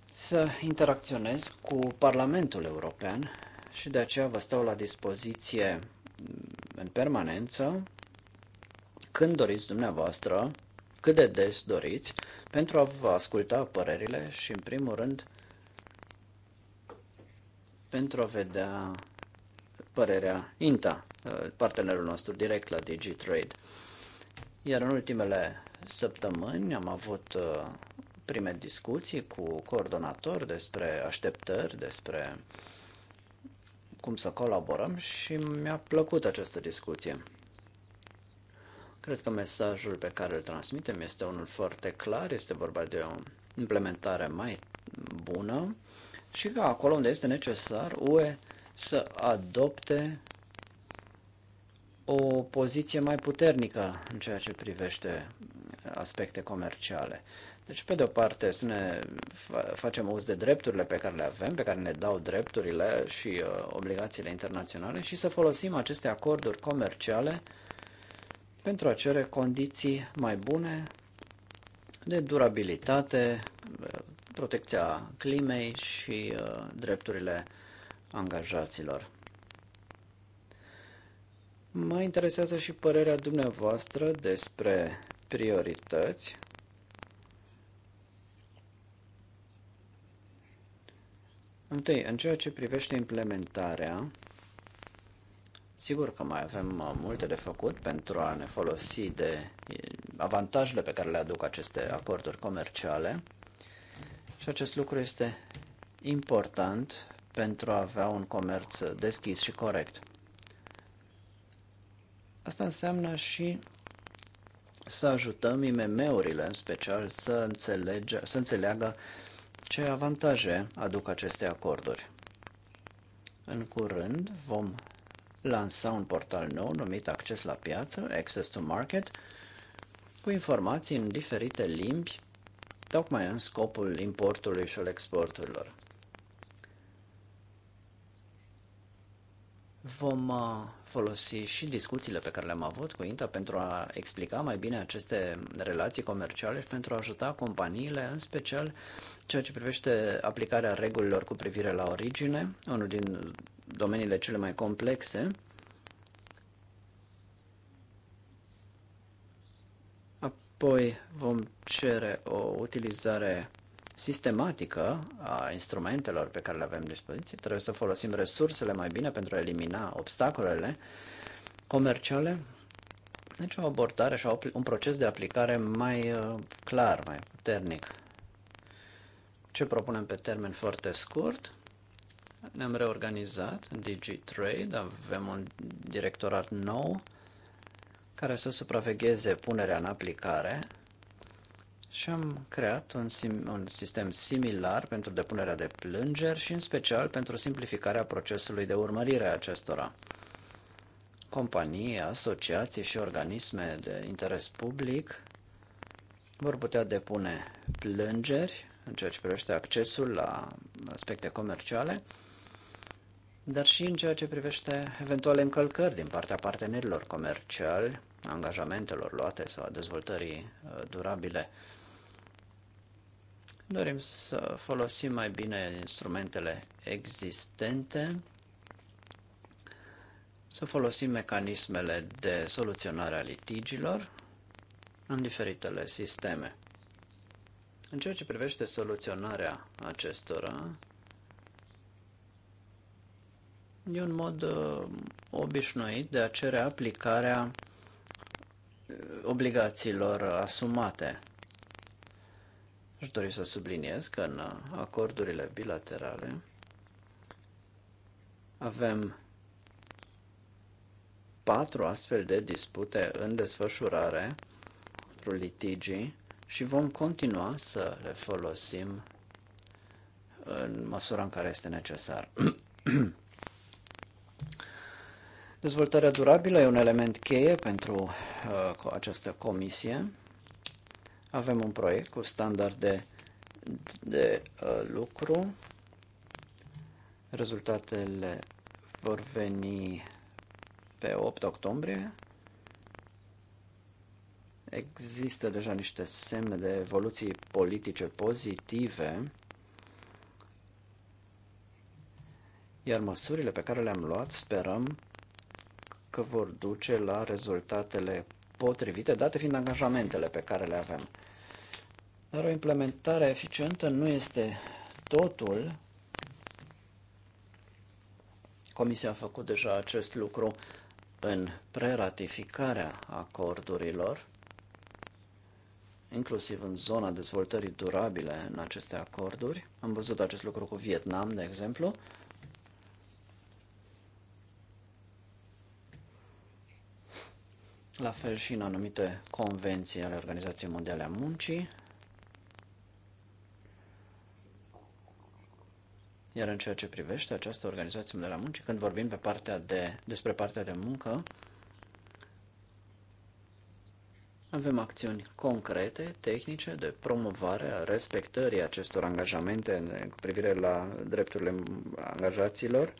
să interacționez cu Parlamentul European și de aceea vă stau la dispoziție în permanență când doriți dumneavoastră, cât de des doriți, pentru a vă asculta părerile și, în primul rând, pentru a vedea părerea INTA, uh, partenerul nostru direct la DigiTrade. Iar în ultimele săptămâni am avut uh, prime discuții cu coordonatori despre așteptări, despre cum să colaborăm și mi-a plăcut această discuție. Cred că mesajul pe care îl transmitem este unul foarte clar, este vorba de o implementare mai bună și că acolo unde este necesar, UE să adopte o poziție mai puternică în ceea ce privește aspecte comerciale. Deci, pe de-o parte, să ne facem uz de drepturile pe care le avem, pe care ne dau drepturile și uh, obligațiile internaționale și să folosim aceste acorduri comerciale pentru a cere condiții mai bune de durabilitate, uh, protecția climei și uh, drepturile angajaților. Mă interesează și părerea dumneavoastră despre priorități. Întâi, în ceea ce privește implementarea, sigur că mai avem uh, multe de făcut pentru a ne folosi de uh, avantajele pe care le aduc aceste acorduri comerciale și acest lucru este important pentru a avea un comerț deschis și corect. Asta înseamnă și să ajutăm IMM-urile, în special, să, înțelege, să înțeleagă ce avantaje aduc aceste acorduri. În curând vom lansa un portal nou numit Acces la piață, Access to Market, cu informații în diferite limbi, tocmai în scopul importului și al exporturilor. Vom uh, folosi și discuțiile pe care le-am avut cu INTA pentru a explica mai bine aceste relații comerciale și pentru a ajuta companiile, în special ceea ce privește aplicarea regulilor cu privire la origine, unul din domeniile cele mai complexe. Apoi vom cere o utilizare sistematică a instrumentelor pe care le avem dispoziție. Trebuie să folosim resursele mai bine pentru a elimina obstacolele comerciale. Deci o abordare și un proces de aplicare mai uh, clar, mai puternic. Ce propunem pe termen foarte scurt? Ne-am reorganizat în DigiTrade, avem un directorat nou care să supravegheze punerea în aplicare și am creat un, sim, un sistem similar pentru depunerea de plângeri și în special pentru simplificarea procesului de urmărire a acestora. Companii, asociații și organisme de interes public vor putea depune plângeri în ceea ce privește accesul la aspecte comerciale, dar și în ceea ce privește eventuale încălcări din partea partenerilor comerciali, angajamentelor luate sau a dezvoltării uh, durabile Dorim să folosim mai bine instrumentele existente, să folosim mecanismele de soluționare a litigilor în diferitele sisteme. În ceea ce privește soluționarea acestora, e un mod uh, obișnuit de a cere aplicarea uh, obligațiilor asumate Aș dori să subliniez că în acordurile bilaterale avem patru astfel de dispute în desfășurare, litigii, și vom continua să le folosim în măsura în care este necesar. (clears throat) Dezvoltarea durabilă e un element cheie pentru uh, această comisie. Avem un proiect cu standarde de uh, lucru. Rezultatele vor veni pe 8 octombrie. Există deja niște semne de evoluții politice pozitive, iar măsurile pe care le-am luat sperăm că vor duce la rezultatele potrivite, date fiind angajamentele pe care le avem. Dar o implementare eficientă nu este totul. Comisia a făcut deja acest lucru în preratificarea acordurilor, inclusiv în zona dezvoltării durabile în aceste acorduri. Am văzut acest lucru cu Vietnam, de exemplu. La fel și în anumite convenții ale Organizației Mondiale a Muncii, Iar în ceea ce privește această organizație de la munci, când vorbim pe partea de, despre partea de muncă, avem acțiuni concrete, tehnice, de promovare a respectării acestor angajamente cu privire la drepturile angajaților.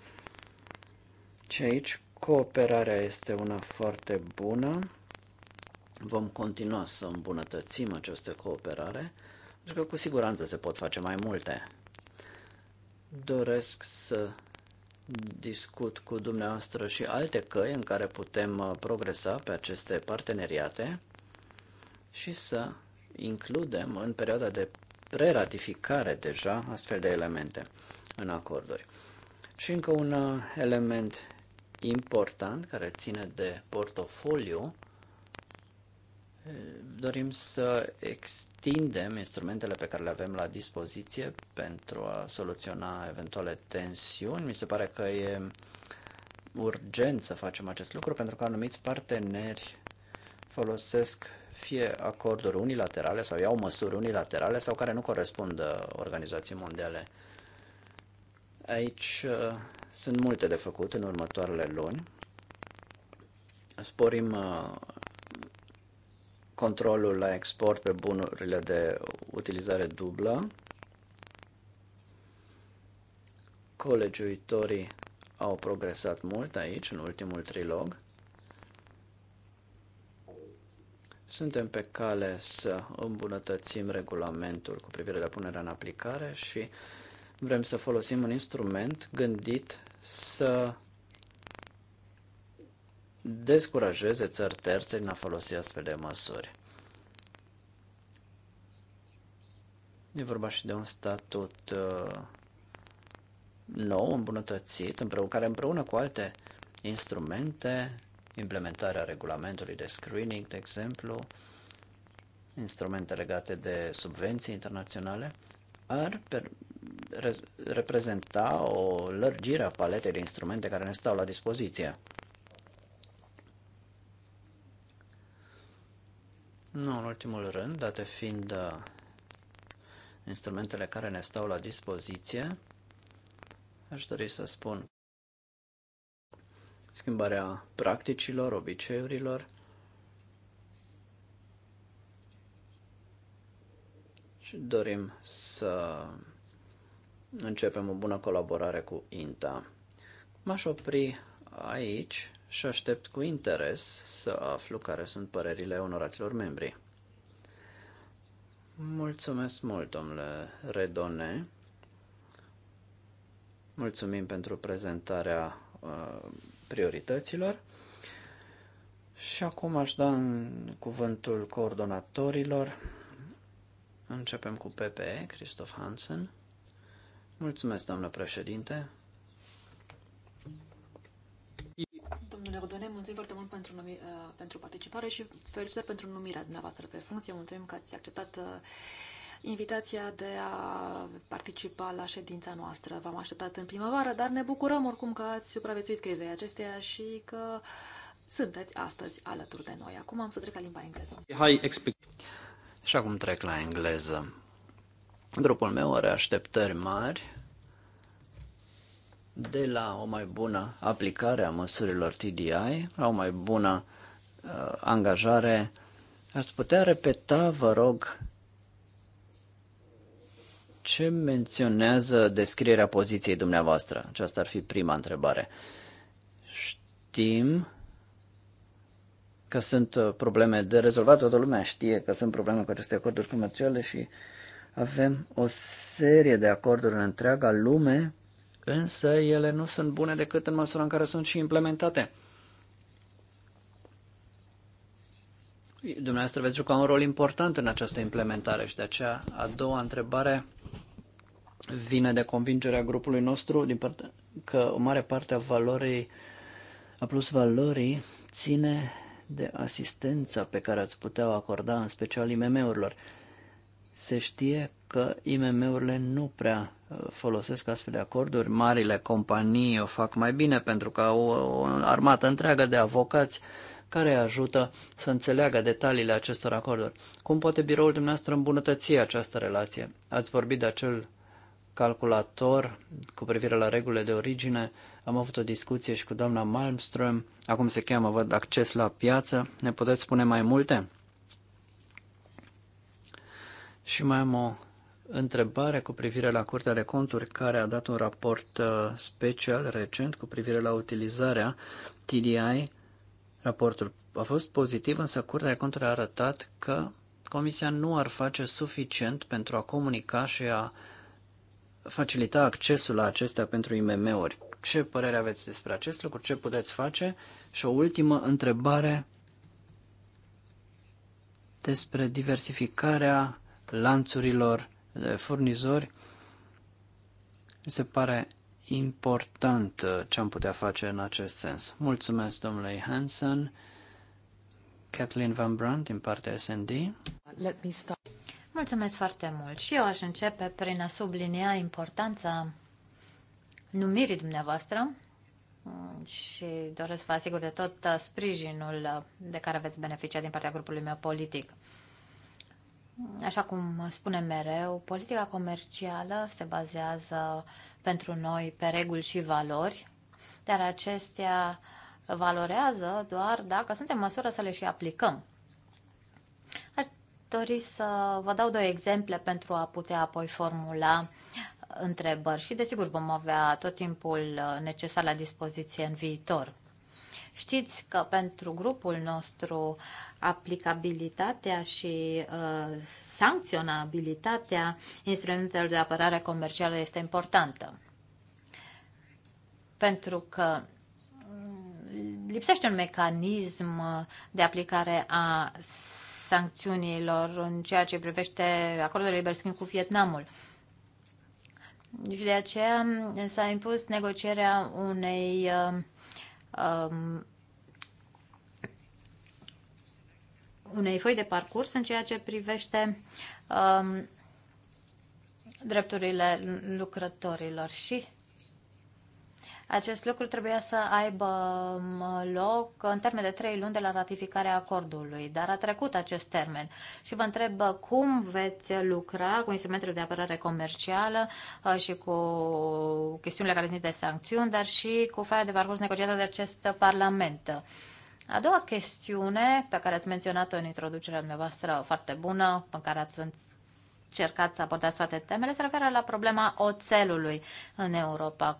Și aici cooperarea este una foarte bună. Vom continua să îmbunătățim această cooperare, pentru că cu siguranță se pot face mai multe doresc să discut cu dumneavoastră și alte căi în care putem uh, progresa pe aceste parteneriate și să includem în perioada de preratificare deja astfel de elemente în acorduri. Și încă un uh, element important care ține de portofoliu dorim să extindem instrumentele pe care le avem la dispoziție pentru a soluționa eventuale tensiuni. Mi se pare că e urgent să facem acest lucru pentru că anumiți parteneri folosesc fie acorduri unilaterale sau iau măsuri unilaterale sau care nu corespund uh, organizației mondiale. Aici uh, sunt multe de făcut în următoarele luni. Sporim uh, controlul la export pe bunurile de utilizare dublă. Colegiuitorii au progresat mult aici, în ultimul trilog. Suntem pe cale să îmbunătățim regulamentul cu privire la punerea în aplicare și vrem să folosim un instrument gândit să descurajeze țări terțe în a folosi astfel de măsuri. E vorba și de un statut uh, nou, îmbunătățit, împreună, care împreună cu alte instrumente, implementarea regulamentului de screening, de exemplu, instrumente legate de subvenții internaționale, ar reprezenta o lărgire a paletei de instrumente care ne stau la dispoziție. Nu, în ultimul rând, date fiind uh, instrumentele care ne stau la dispoziție, aș dori să spun schimbarea practicilor, obiceiurilor și dorim să începem o bună colaborare cu INTA. M-aș opri aici și aștept cu interes să aflu care sunt părerile onoraților membri. Mulțumesc mult, domnule Redone. Mulțumim pentru prezentarea uh, priorităților. Și acum aș da în cuvântul coordonatorilor. Începem cu PPE, Christoph Hansen. Mulțumesc, doamnă președinte.
Domnule Rodone, mulțumim foarte mult pentru, numi, uh, pentru participare și felicitări pentru numirea dumneavoastră pe funcție. Mulțumim că ați acceptat uh, invitația de a participa la ședința noastră. V-am așteptat în primăvară, dar ne bucurăm oricum că ați supraviețuit crizei acesteia și că sunteți astăzi alături de noi. Acum am să trec la limba engleză. Hai,
explic. Și acum trec la engleză. Grupul meu are așteptări mari de la o mai bună aplicare a măsurilor TDI la o mai bună uh, angajare. Ați putea repeta, vă rog, ce menționează descrierea poziției dumneavoastră? Aceasta ar fi prima întrebare. Știm că sunt uh, probleme de rezolvat, toată lumea știe că sunt probleme cu aceste acorduri comerciale și avem o serie de acorduri în întreaga lume însă ele nu sunt bune decât în măsura în care sunt și implementate. Dumneavoastră veți juca un rol important în această implementare și de aceea a doua întrebare vine de convingerea grupului nostru din part- că o mare parte a valorii, a plus valorii, ține de asistența pe care ați putea o acorda, în special IMM-urilor se știe că IMM-urile nu prea uh, folosesc astfel de acorduri. Marile companii o fac mai bine pentru că au o armată întreagă de avocați care ajută să înțeleagă detaliile acestor acorduri. Cum poate biroul dumneavoastră îmbunătăți această relație? Ați vorbit de acel calculator cu privire la regulile de origine. Am avut o discuție și cu doamna Malmström, acum se cheamă, văd, acces la piață. Ne puteți spune mai multe? Și mai am o întrebare cu privire la Curtea de Conturi, care a dat un raport uh, special recent cu privire la utilizarea TDI. Raportul a fost pozitiv, însă Curtea de Conturi a arătat că Comisia nu ar face suficient pentru a comunica și a facilita accesul la acestea pentru IMM-uri. Ce părere aveți despre acest lucru? Ce puteți face? Și o ultimă întrebare despre diversificarea lanțurilor de furnizori. Mi se pare important uh, ce am putea face în acest sens. Mulțumesc domnului Hansen, Kathleen Van Brandt din partea S&D.
Mulțumesc foarte mult și eu aș începe prin a sublinia importanța numirii dumneavoastră mm, și doresc să vă asigur de tot uh, sprijinul uh, de care veți beneficia din partea grupului meu politic. Așa cum spunem mereu, politica comercială se bazează pentru noi pe reguli și valori, dar acestea valorează doar dacă suntem în măsură să le și aplicăm. Aș dori să vă dau două exemple pentru a putea apoi formula întrebări și desigur vom avea tot timpul necesar la dispoziție în viitor. Știți că pentru grupul nostru aplicabilitatea și uh, sancționabilitatea instrumentelor de apărare comercială este importantă. Pentru că mm, lipsește un mecanism de aplicare a sancțiunilor în ceea ce privește acordul de liber schimb cu Vietnamul. Și de aceea s-a impus negocierea unei uh, um, unei foi de parcurs în ceea ce privește um, drepturile lucrătorilor și acest lucru trebuia să aibă um, loc în termen de trei luni de la ratificarea acordului, dar a trecut acest termen. Și vă întreb uh, cum veți lucra cu instrumentele de apărare comercială uh, și cu chestiunile care țin de sancțiuni, dar și cu faia de parcurs negociată de acest Parlament. A doua chestiune pe care ați menționat-o în introducerea dumneavoastră foarte bună, în care ați încercat să abordați toate temele, se referă la problema oțelului în Europa.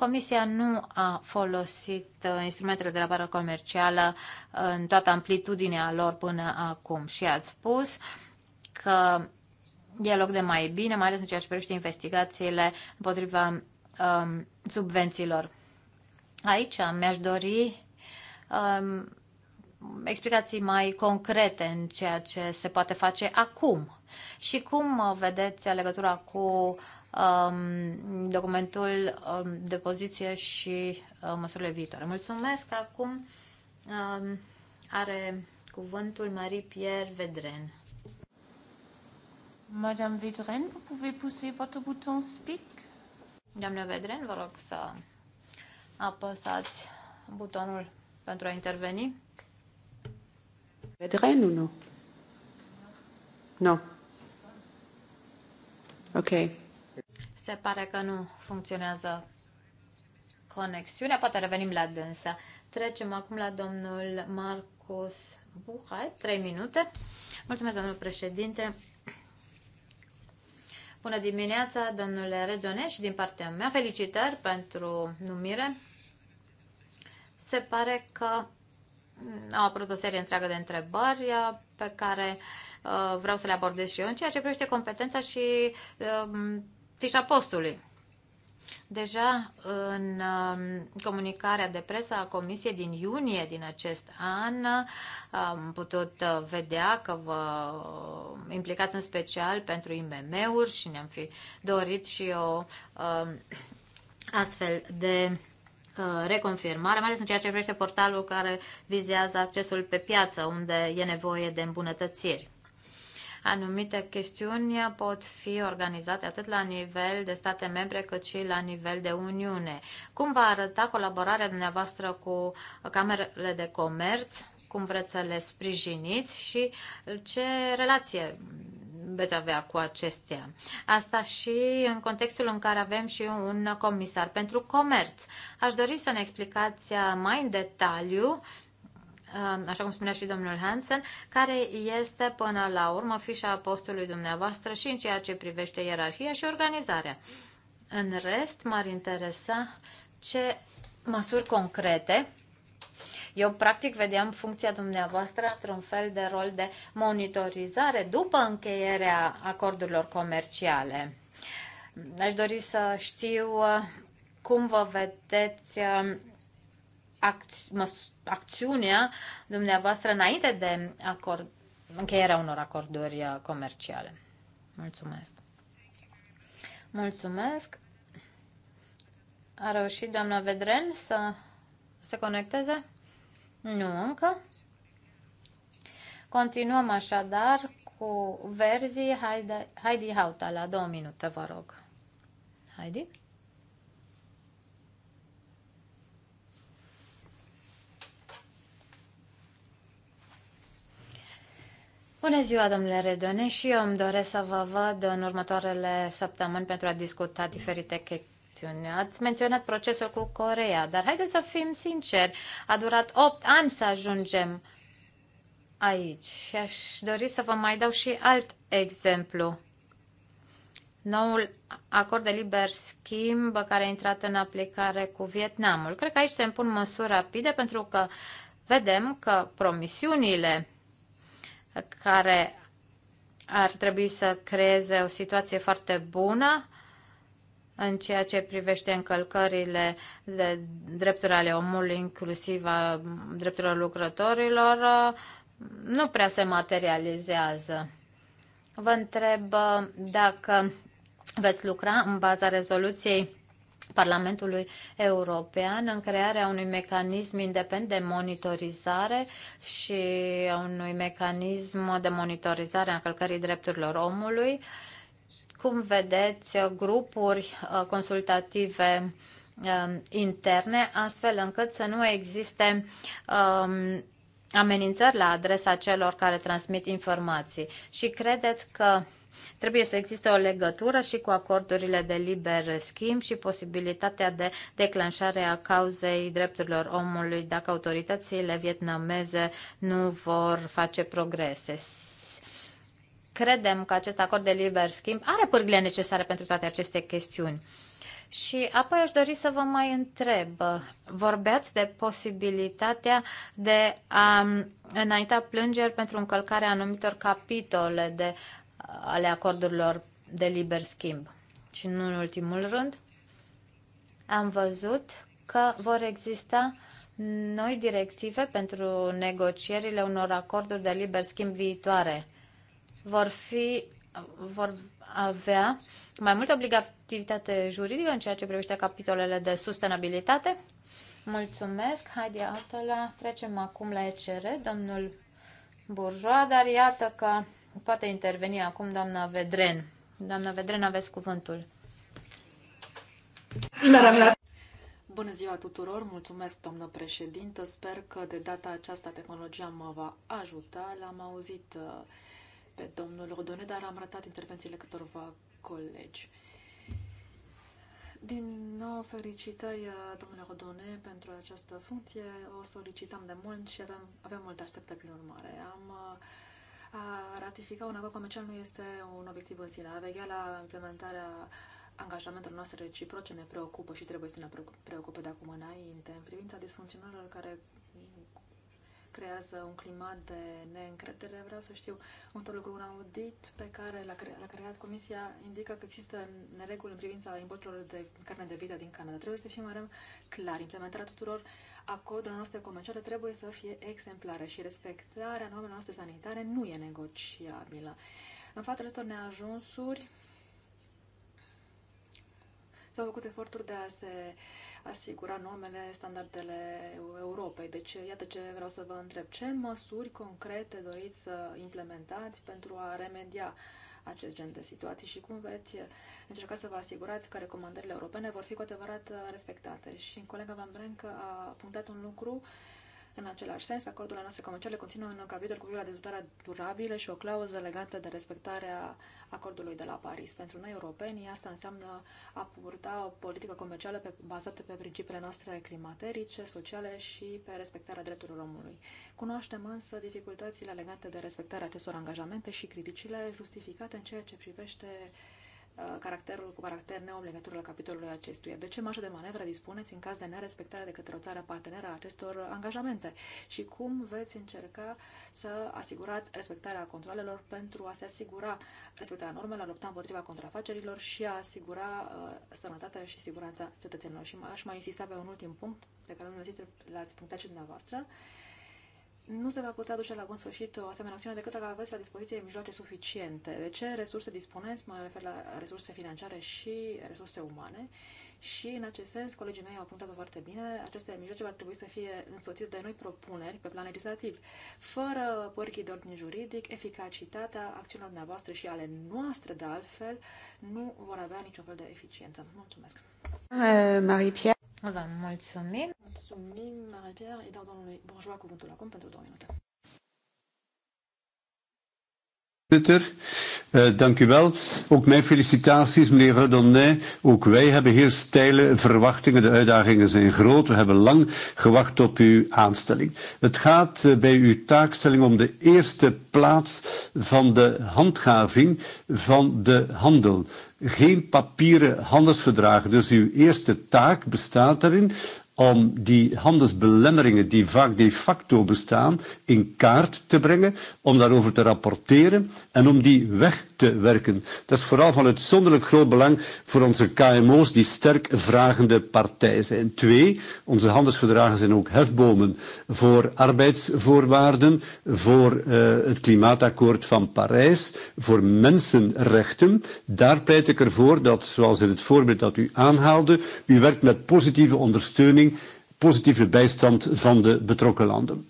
Comisia nu a folosit uh, instrumentele de la bară comercială uh, în toată amplitudinea lor până acum și ați spus că e loc de mai bine, mai ales în ceea ce privește investigațiile împotriva um, subvențiilor. Aici mi-aș dori um, explicații mai concrete în ceea ce se poate face acum și cum uh, vedeți legătura cu um, documentul um, de poziție și um, măsurile viitoare. Mulțumesc! Acum um, are cuvântul Marie-Pierre Vedren. Madame Vedren, vous pouvez pousser votre bouton speak? Doamna Vedren, vă rog să apăsați butonul pentru a interveni.
Vedren, nu? Nu. No. Ok.
Se pare că nu funcționează conexiunea. Poate revenim la dânsa. Trecem acum la domnul Marcus Buhai, trei minute. Mulțumesc, domnul președinte. Bună dimineața, domnule Redone și din partea mea felicitări pentru numire. Se pare că au apărut o serie întreagă de întrebări uh, pe care uh, vreau să le abordez și eu în ceea ce privește competența și uh, deci apostolii. Deja în um, comunicarea de presă a Comisiei din iunie din acest an am putut uh, vedea că vă implicați în special pentru IMM-uri și ne-am fi dorit și o um, astfel de uh, reconfirmare, mai ales în ceea ce privește portalul care vizează accesul pe piață, unde e nevoie de îmbunătățiri anumite chestiuni pot fi organizate atât la nivel de state membre cât și la nivel de Uniune. Cum va arăta colaborarea dumneavoastră cu camerele de comerț? Cum vreți să le sprijiniți și ce relație veți avea cu acestea. Asta și în contextul în care avem și un comisar pentru comerț. Aș dori să ne explicați mai în detaliu Um, așa cum spunea și domnul Hansen, care este până la urmă fișa postului dumneavoastră și în ceea ce privește ierarhia și organizarea. În rest, m-ar interesa ce măsuri concrete eu practic vedeam funcția dumneavoastră într-un fel de rol de monitorizare după încheierea acordurilor comerciale. Aș dori să știu uh, cum vă vedeți uh, acți- acțiunea dumneavoastră înainte de acord, încheierea unor acorduri uh, comerciale. Mulțumesc. Mulțumesc. A reușit doamna Vedren să se conecteze? Nu încă. Continuăm așadar cu verzii Heidi Hauta la două minute, vă rog. Heidi? Bună ziua, domnule Redone, și eu îmi doresc să vă văd în următoarele săptămâni pentru a discuta diferite chestiuni. Ați menționat procesul cu Corea, dar haideți să fim sinceri, a durat 8 ani să ajungem aici și aș dori să vă mai dau și alt exemplu. Noul acord de liber schimb care a intrat în aplicare cu Vietnamul. Cred că aici se impun măsuri rapide pentru că vedem că promisiunile care ar trebui să creeze o situație foarte bună în ceea ce privește încălcările de drepturi ale omului, inclusiv a drepturilor lucrătorilor, nu prea se materializează. Vă întreb dacă veți lucra în baza rezoluției Parlamentului European în crearea unui mecanism independent de monitorizare și a unui mecanism de monitorizare a încălcării drepturilor omului. Cum vedeți, grupuri uh, consultative um, interne, astfel încât să nu existe um, amenințări la adresa celor care transmit informații. Și credeți că Trebuie să existe o legătură și cu acordurile de liber schimb și posibilitatea de declanșare a cauzei drepturilor omului dacă autoritățile vietnameze nu vor face progrese credem că acest acord de liber schimb are pârghile necesare pentru toate aceste chestiuni. Și apoi aș dori să vă mai întreb, vorbeați de posibilitatea de a înainta plângeri pentru încălcarea anumitor capitole de ale acordurilor de liber schimb. Și nu în ultimul rând, am văzut că vor exista noi directive pentru negocierile unor acorduri de liber schimb viitoare. Vor fi vor avea mai multă obligativitate juridică în ceea ce privește capitolele de sustenabilitate. Mulțumesc, Heidi Autola. Trecem acum la ECR, domnul Burjoa, dar iată că Poate interveni acum doamna Vedren. Doamna Vedren, aveți cuvântul.
Bună ziua tuturor, mulțumesc doamnă președintă, sper că de data aceasta tehnologia mă va ajuta. L-am auzit uh, pe domnul Rodone, dar am ratat intervențiile câtorva colegi. Din nou, felicitări, uh, domnule Rodone, pentru această funcție. O solicităm de mult și avem, avem multe așteptări prin urmare. Am uh, a ratifica un acord comercial nu este un obiectiv în sine. A veghea la implementarea angajamentelor noastre reciproce ne preocupă și trebuie să ne preocupe de acum înainte. În privința disfuncționarilor care creează un climat de neîncredere, vreau să știu un lucru, un audit pe care l-a, cre- creat Comisia indică că există nereguli în privința importurilor de carne de vită din Canada. Trebuie să fim mai clar, implementarea tuturor uh, acordurile noastre comerciale trebuie să fie exemplare și respectarea normelor noastre sanitare nu e negociabilă. În fața acestor neajunsuri, s-au făcut eforturi de a se asigura normele, standardele Europei. Deci, iată ce vreau să vă întreb. Ce măsuri concrete doriți să implementați pentru a remedia uh, acest gen de situații și cum veți încerca să vă asigurați că recomandările europene vor fi cu adevărat uh, respectate. Și colega Van Brenk uh, a punctat un lucru în același sens, acordurile noastre comerciale conțin un capitol cu privire la dezvoltarea durabilă și o clauză legată de respectarea acordului de la Paris. Pentru noi, europeni, asta înseamnă a purta o politică comercială pe, bazată pe principiile noastre climaterice, sociale și pe respectarea drepturilor omului. Cunoaștem însă dificultățile legate de respectarea acestor angajamente și criticile justificate în ceea ce privește uh, Uh, caracterul cu caracter neom legătură la capitolul acestuia. De ce marjă de manevră dispuneți în caz de nerespectare de către o țară parteneră a acestor angajamente? Și cum veți încerca să asigurați respectarea controlelor pentru a se asigura respectarea normelor, lupta împotriva contrafacerilor și a asigura uh, sănătatea și siguranța cetățenilor? Și aș mai insista pe un ultim punct pe care nu l-ați punctat și dumneavoastră. Uh, nu se va putea duce la bun sfârșit o asemenea acțiune decât dacă aveți la dispoziție mijloace suficiente. De ce resurse dispuneți? Mă refer la resurse financiare și resurse umane. Și, în acest sens, colegii mei au punctat foarte bine, aceste mijloace ar trebui să fie însoțite de noi propuneri pe plan legislativ. Fără părchii de ordine juridic, eficacitatea acțiunilor noastre și ale noastre, de altfel, nu vor avea niciun fel de eficiență. Mulțumesc!
Uh, Marie-Pierre. Vă
mulțumim! Mulțumim, Marie-Pierre, Et dans domnului Bourgeois la compte, pas tout două minute.
Voorzitter, uh, eh, dank u wel. Ook mijn felicitaties, meneer Redonnet. Ook wij hebben hier steile verwachtingen. De uitdagingen zijn groot. We hebben lang gewacht op uw aanstelling. Het gaat uh, bij uw taakstelling om de eerste plaats van de handhaving van de handel. Geen papieren handelsverdragen. Dus uw eerste taak bestaat erin om die handelsbelemmeringen die vaak de facto bestaan in kaart te brengen, om daarover te rapporteren en om die weg te werken. Dat is vooral van uitzonderlijk groot belang voor onze KMO's die sterk vragende partij zijn. Twee, onze handelsverdragen zijn ook hefbomen voor arbeidsvoorwaarden, voor uh, het klimaatakkoord van Parijs, voor mensenrechten. Daar pleit ik ervoor dat, zoals in het voorbeeld dat u aanhaalde, u werkt met positieve ondersteuning richting positieve bijstand van de betrokken landen.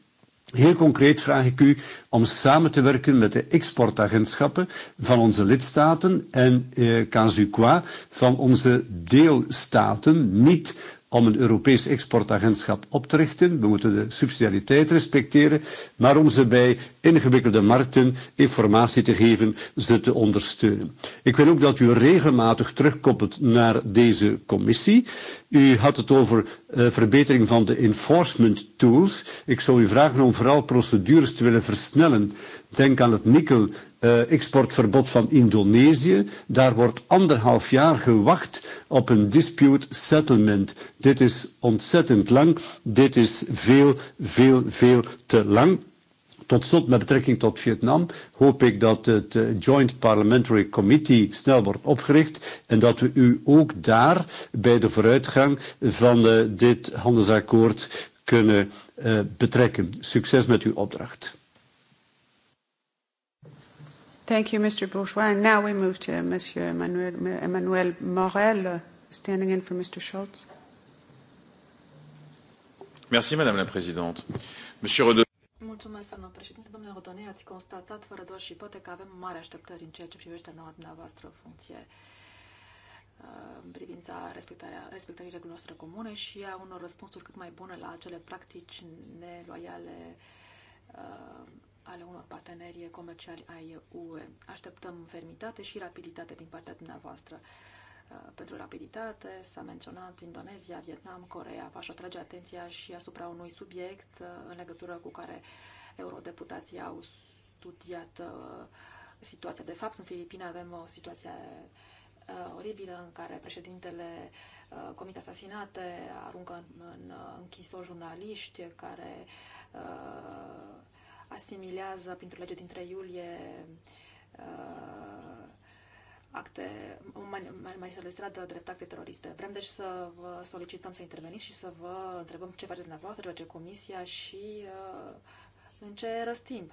Heel concreet vraag ik u om samen te werken met de exportagentschappen van onze lidstaten en eh, casu qua van onze deelstaten. Niet om een Europees exportagentschap op te richten. We moeten de subsidiariteit respecteren, maar om ze bij ingewikkelde markten informatie te geven, ze te ondersteunen. Ik wil ook dat u regelmatig terugkoppelt naar deze commissie. U had het over uh, verbetering van de enforcement tools. Ik zou u vragen om vooral procedures te willen versnellen Denk aan het nikkel-exportverbod eh, van Indonesië. Daar wordt anderhalf jaar gewacht op een dispute settlement. Dit is ontzettend lang. Dit is veel, veel, veel te lang. Tot slot, met betrekking tot Vietnam, hoop ik dat het eh, Joint Parliamentary Committee snel wordt opgericht en dat we u ook daar bij de vooruitgang van eh, dit handelsakkoord kunnen betrekken. Succes met uw opdracht. Thank you, Mr. Bourgeois. And now we move to Monsieur Emmanuel, Emmanuel Morel, standing in for Mr. Schultz. Merci, Madame la Présidente. Monsieur Redon...
Mulțumesc, doamnă președinte. Domnule Rodone, ați constatat fără doar și poate că avem mari așteptări în ceea ce privește noua dumneavoastră funcție uh, în privința respectării regulilor noastre comune și a unor răspunsuri cât mai bune la acele practici neloiale uh, ale unor parteneri comerciali ai UE. Așteptăm fermitate și rapiditate din partea dumneavoastră. Uh, pentru rapiditate s-a menționat Indonezia, Vietnam, Corea. V-aș atrage atenția și asupra unui subiect uh, în legătură cu care eurodeputații au studiat uh, situația. De fapt, în Filipine avem o situație oribilă în care președintele comite asasinate, aruncă în închisori jurnaliști care uh, asimilează printr-o lege dintre iulie uh, acte, manifestări de stradă drept acte teroriste. Vrem deci să vă solicităm să interveniți și să vă întrebăm ce faceți dumneavoastră, ce face comisia și uh, în ce răstimp.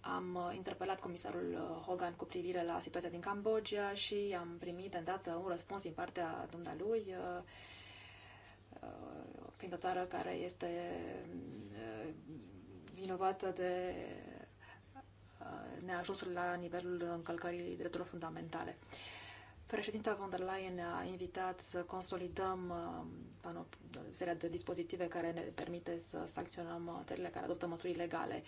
Am uh, interpelat comisarul uh, Hogan cu privire la situația din Cambodgia și am primit îndată un răspuns din partea dumnealui. Uh, uh, fiind o țară care este uh, vinovată de uh, neajunsul la nivelul încălcării drepturilor fundamentale. Președinta von der Leyen a invitat să consolidăm uh, seria de dispozitive care ne permite să sancționăm țările care adoptă măsuri legale.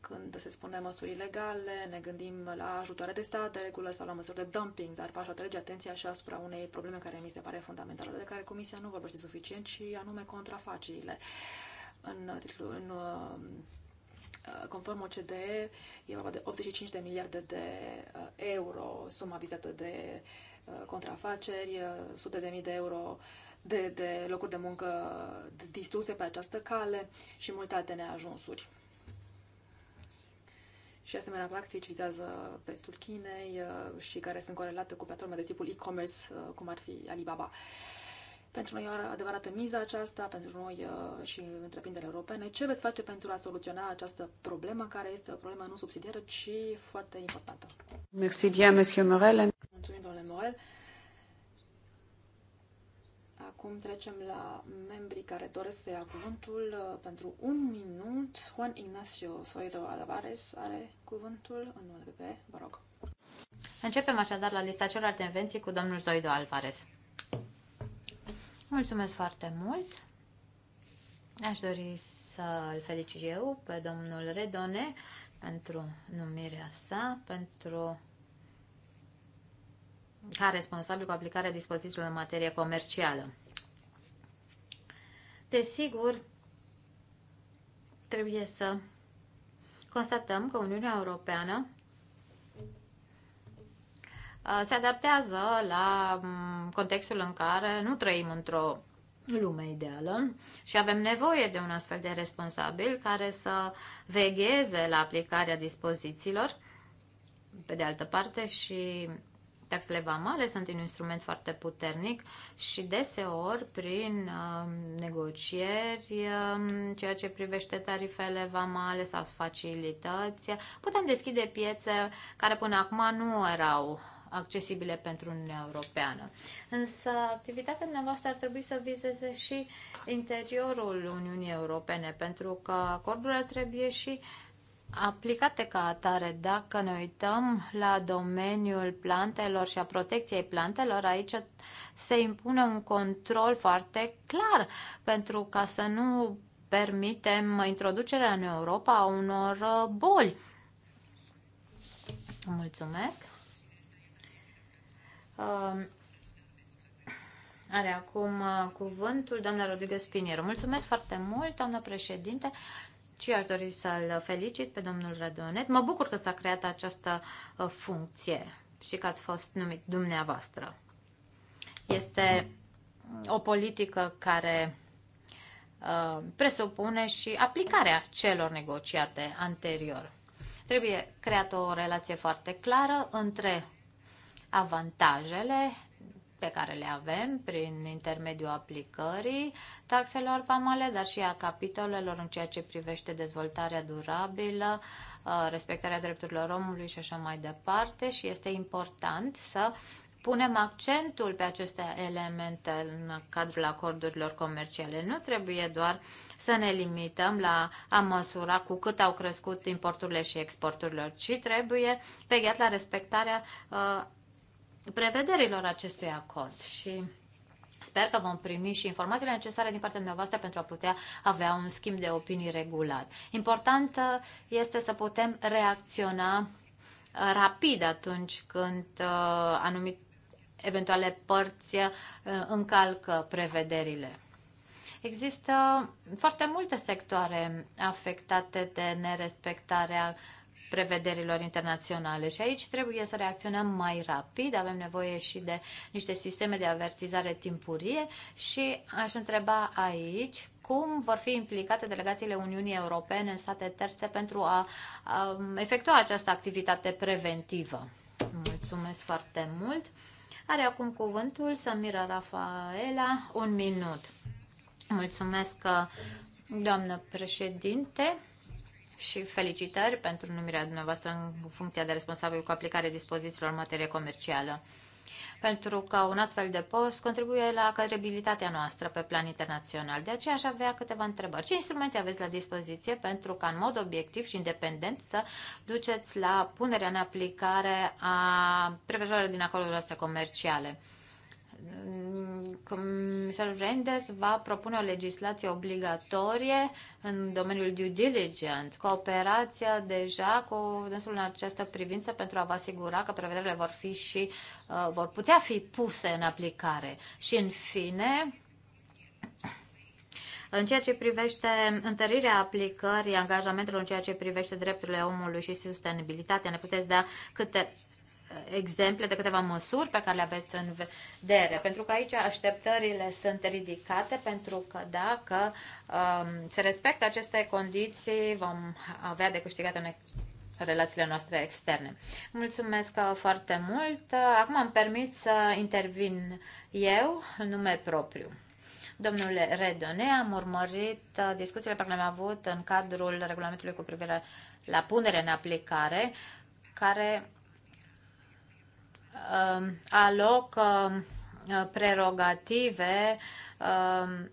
Când se spune măsuri ilegale, ne gândim la ajutoare de stat, de regulă sau la măsuri de dumping, dar v-aș atrage atenția și asupra unei probleme care mi se pare fundamentală, de care Comisia nu vorbește suficient, și anume contrafacerile. În, în uh, conform OCDE, e vorba de 85 de miliarde de uh, euro, suma vizată de uh, contrafaceri, sute de mii de euro de, de locuri de muncă distruse pe această cale și multe alte neajunsuri și asemenea practici vizează vestul Chinei uh, și care sunt corelate cu platforme de tipul e-commerce, uh, cum ar fi Alibaba. Pentru noi o adevărată miză aceasta, pentru noi uh, și întreprinderile europene. Ce veți face pentru a soluționa această problemă, care este o problemă nu subsidiară, ci foarte importantă?
Mulțumesc bien, Morel.
Mulțumim, domnule Morel. Acum trecem la membrii care doresc să ia cuvântul uh, pentru un minut. Juan Ignacio Soido Alvarez are cuvântul în numele PP. Vă rog.
Începem așadar la lista celorlalte invenții cu domnul Zoido Alvarez. Mulțumesc foarte mult. Aș dori să-l felicit eu pe domnul Redone pentru numirea sa, pentru ca responsabil cu aplicarea dispozițiilor în materie comercială. Desigur, trebuie să constatăm că Uniunea Europeană uh, se adaptează la mm, contextul în care nu trăim într-o lume ideală și avem nevoie de un astfel de responsabil care să vegheze la aplicarea dispozițiilor, pe de altă parte, și Taxele vamale sunt un instrument foarte puternic și deseori prin um, negocieri, um, ceea ce privește tarifele vamale sau facilități, putem deschide piețe care până acum nu erau accesibile pentru Uniunea Europeană. Însă activitatea dumneavoastră ar trebui să vizeze și interiorul Uniunii Europene, pentru că acordurile trebuie și uh, aplicate ca atare. Dacă ne uităm la domeniul plantelor și a protecției plantelor, aici se impune un control foarte clar pentru ca să nu permitem introducerea în Europa a unor boli. Mulțumesc. Um, are acum uh, cuvântul doamna Rodriguez Piniero. Mulțumesc foarte mult, doamna președinte și aș dori să-l felicit pe domnul Radonet. Mă bucur că s-a creat această uh, funcție și că ați fost numit dumneavoastră. Este o politică care uh, presupune și aplicarea celor negociate anterior. Trebuie creată o relație foarte clară între avantajele pe care le avem prin intermediul aplicării taxelor vamale, dar și a capitolelor în ceea ce privește dezvoltarea durabilă, uh, respectarea drepturilor omului și așa mai departe și este important să punem accentul pe aceste elemente în cadrul acordurilor comerciale. Nu trebuie doar să ne limităm la a măsura cu cât au crescut importurile și exporturile, ci trebuie pe la respectarea uh, prevederilor acestui acord și sper că vom primi și informațiile necesare din partea dumneavoastră pentru a putea avea un schimb de opinii regulat. Important uh, este să putem reacționa uh, rapid atunci când uh, anumite eventuale părți încalcă prevederile. Există foarte multe sectoare afectate de nerespectarea uh, prevederilor internaționale. Și aici trebuie să reacționăm mai rapid, avem nevoie și de niște sisteme de avertizare timpurie și aș întreba aici cum vor fi implicate delegațiile Uniunii Europene în state terțe pentru a, a efectua această activitate preventivă. Mulțumesc foarte mult. Are acum cuvântul Samira Rafaela, un minut. Mulțumesc, doamnă președinte și felicitări pentru numirea dumneavoastră în funcția de responsabil cu aplicarea dispozițiilor în materie comercială. Pentru că un astfel de post contribuie la credibilitatea noastră pe plan internațional. De aceea aș avea câteva întrebări. Ce instrumente aveți la dispoziție pentru ca în mod obiectiv și independent să duceți la punerea în aplicare a prevederilor din acordurile noastre comerciale? Comisarul Reinders va propune o legislație obligatorie în domeniul due diligence, cooperația deja cu dânsul în această privință pentru a vă asigura că prevederile vor fi și uh, vor putea fi puse în aplicare. Și în fine, în ceea ce privește întărirea aplicării angajamentelor în ceea ce privește drepturile omului și sustenabilitatea, ne puteți da câte exemple de câteva măsuri pe care le aveți în vedere, pentru că aici așteptările sunt ridicate, pentru că dacă um, se respectă aceste condiții, vom avea de câștigat în relațiile noastre externe. Mulțumesc foarte mult. Acum îmi permit să intervin eu în nume propriu. Domnule Redone, am urmărit discuțiile pe care le-am avut în cadrul regulamentului cu privire la punere în aplicare, care Um, alocă uh, prerogative um,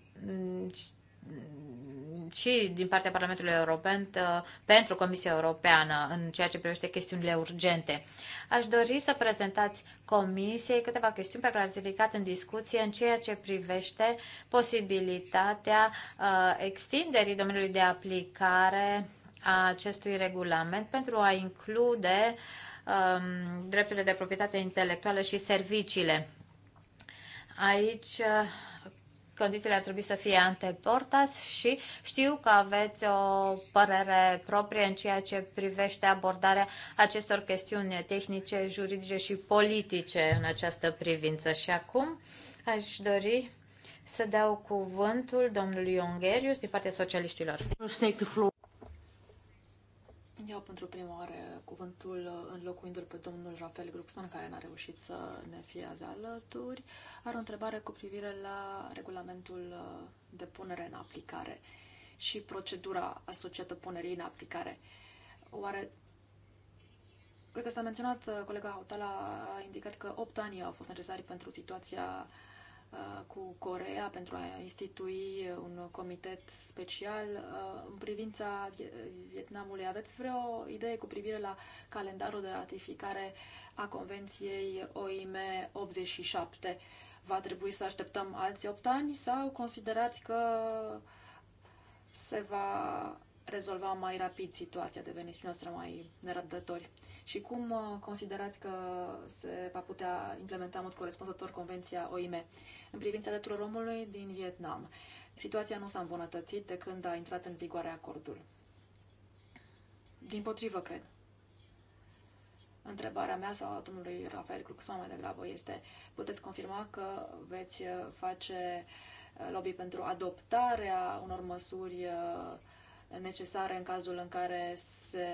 și din partea Parlamentului European uh, pentru Comisia Europeană în ceea ce privește chestiunile urgente. Aș dori să prezentați Comisiei câteva chestiuni pe care le-ați ridicat în discuție în ceea ce privește posibilitatea uh, extinderii domeniului de aplicare a acestui regulament pentru a include uh, Um, drepturile de proprietate intelectuală și serviciile. Aici uh, condițiile ar trebui să fie anteportas și știu că aveți o părere proprie în ceea ce privește abordarea acestor chestiuni tehnice, juridice și politice în această privință. Și acum aș dori să dau cuvântul domnului Ungherius din partea socialiștilor.
Iau pentru prima oară cuvântul uh, înlocuindu-l pe domnul Rafael Glucksmann, care n-a reușit să ne fie azi alături. Are o întrebare cu privire la regulamentul uh, de punere în aplicare și procedura asociată punerii în aplicare. Oare Cred că s-a menționat, uh, colega Hautala a indicat că 8 ani au fost necesari pentru situația Uh, cu Corea pentru a institui un comitet special. Uh, în privința Vietnamului, aveți vreo idee cu privire la calendarul de ratificare a Convenției OIM 87? Va trebui să așteptăm alți 8 ani sau considerați că se va rezolva mai rapid situația, deveniți noastră mai nerăbdători? și cum uh, considerați că se va putea implementa în mod corespunzător Convenția OIM în privința drepturilor omului din Vietnam. Situația nu s-a îmbunătățit de când a intrat în vigoare acordul. Din potrivă, cred. Întrebarea mea sau a domnului Rafael Cruxman mai degrabă este puteți confirma că veți face uh, lobby pentru adoptarea unor măsuri uh, necesare în cazul în care se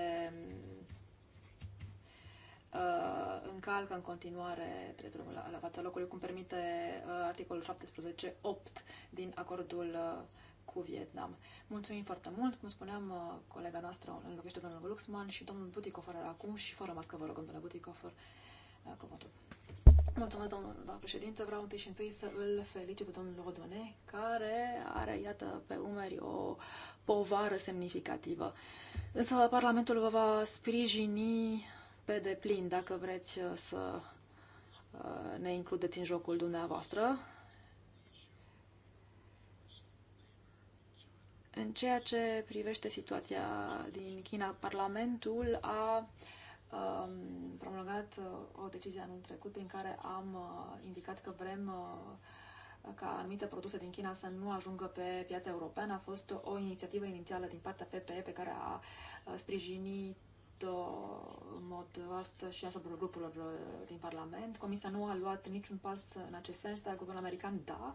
uh, încalcă în continuare dreptul la, la fața locului, cum permite uh, articolul 17.8 din acordul uh, cu Vietnam. Mulțumim foarte mult, cum spuneam, uh, colega noastră în locuiește domnul Luxman și domnul Butikofer acum și fără mască, vă rog, domnule Butikofer, uh, cuvântul. Mulțumesc, domnul, președinte. Vreau întâi și întâi să îl felicit pe domnul Rodone, care are, iată, pe umeri o povară semnificativă. Însă Parlamentul vă va sprijini pe deplin dacă vreți uh, să uh, ne includeți în jocul dumneavoastră. În ceea ce privește situația din China, Parlamentul a um, promulgat uh, o decizie anul trecut prin care am indicat că vrem ca anumite produse din China să nu ajungă pe piața europeană. A fost o inițiativă inițială din partea PPE pe care a sprijinit Uh, în mod asta și asupra grupurilor uh, din Parlament. Comisia nu a luat niciun pas în acest sens, dar guvernul american da.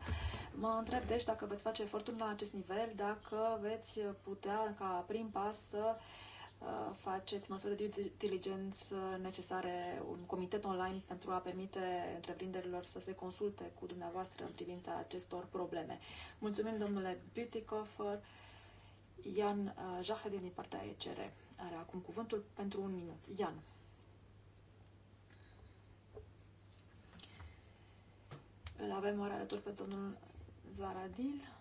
Mă întreb deci dacă veți face efortul la acest nivel, dacă veți putea ca prim pas să uh, faceți măsuri de diligență necesare, un comitet online pentru a permite întreprinderilor să se consulte cu dumneavoastră în privința acestor probleme. Mulțumim, domnule Coffer. Ian Jahedin din partea ECR are acum cuvântul pentru un minut. Ian. Îl avem oare alături pe domnul Zaradil.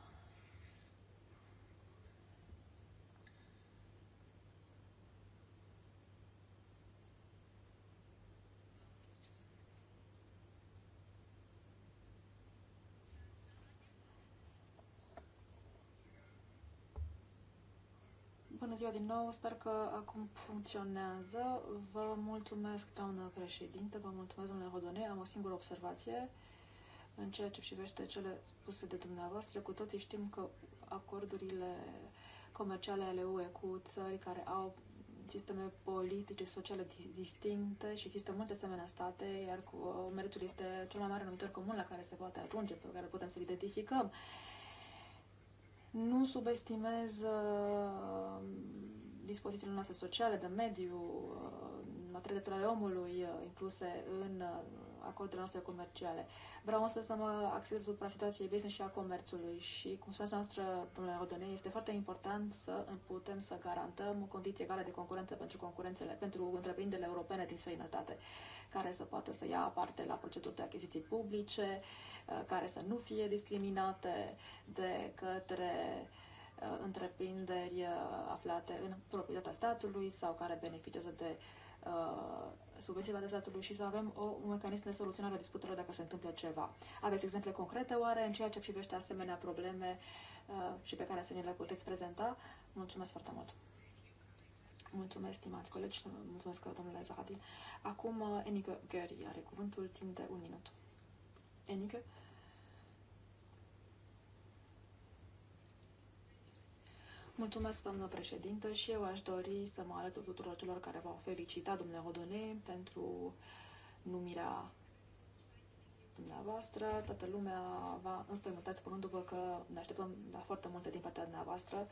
ziua din nou, sper că acum funcționează. Vă mulțumesc, doamnă președinte, vă mulțumesc, domnule Rodone. Am o singură observație în ceea ce privește cele spuse de dumneavoastră. Cu toții știm că acordurile comerciale ale UE cu țări care au sisteme politice, sociale distincte și există multe asemenea state, iar cu uh, meritul este cel mai mare numitor comun la care se poate ajunge, pe care putem să-l identificăm. Nu subestimez uh, dispozițiile noastre sociale, de mediu, uh, la drepturile omului uh, incluse în acordurile noastre comerciale. Vreau însă să mă axez asupra situației business și a comerțului și, cum spuneați noastră, domnule Rodonei, este foarte important să putem să garantăm condiții egale de concurență pentru concurențele, pentru întreprinderile europene din străinătate, care să poată să ia parte la proceduri de achiziții publice, uh, care să nu fie discriminate de către uh, întreprinderi uh, aflate în proprietatea statului sau care beneficiază de uh, Uh, subvențiile de statului și să avem o, un mecanism de soluționare a disputelor dacă se întâmplă ceva. Aveți exemple concrete oare în ceea ce privește asemenea probleme uh, și pe care să ne le puteți prezenta? Mulțumesc foarte mult! Mulțumesc, stimați colegi, mulțumesc, domnule Zahadil. Acum, uh, Enică Gări are cuvântul timp de un minut. Enică? Mulțumesc, doamnă președintă, și eu aș dori să mă alătur tuturor celor care v-au felicitat, domnule Odone, pentru numirea dumneavoastră. Toată lumea va înspăimântat spunându-vă că ne așteptăm la foarte multe din partea dumneavoastră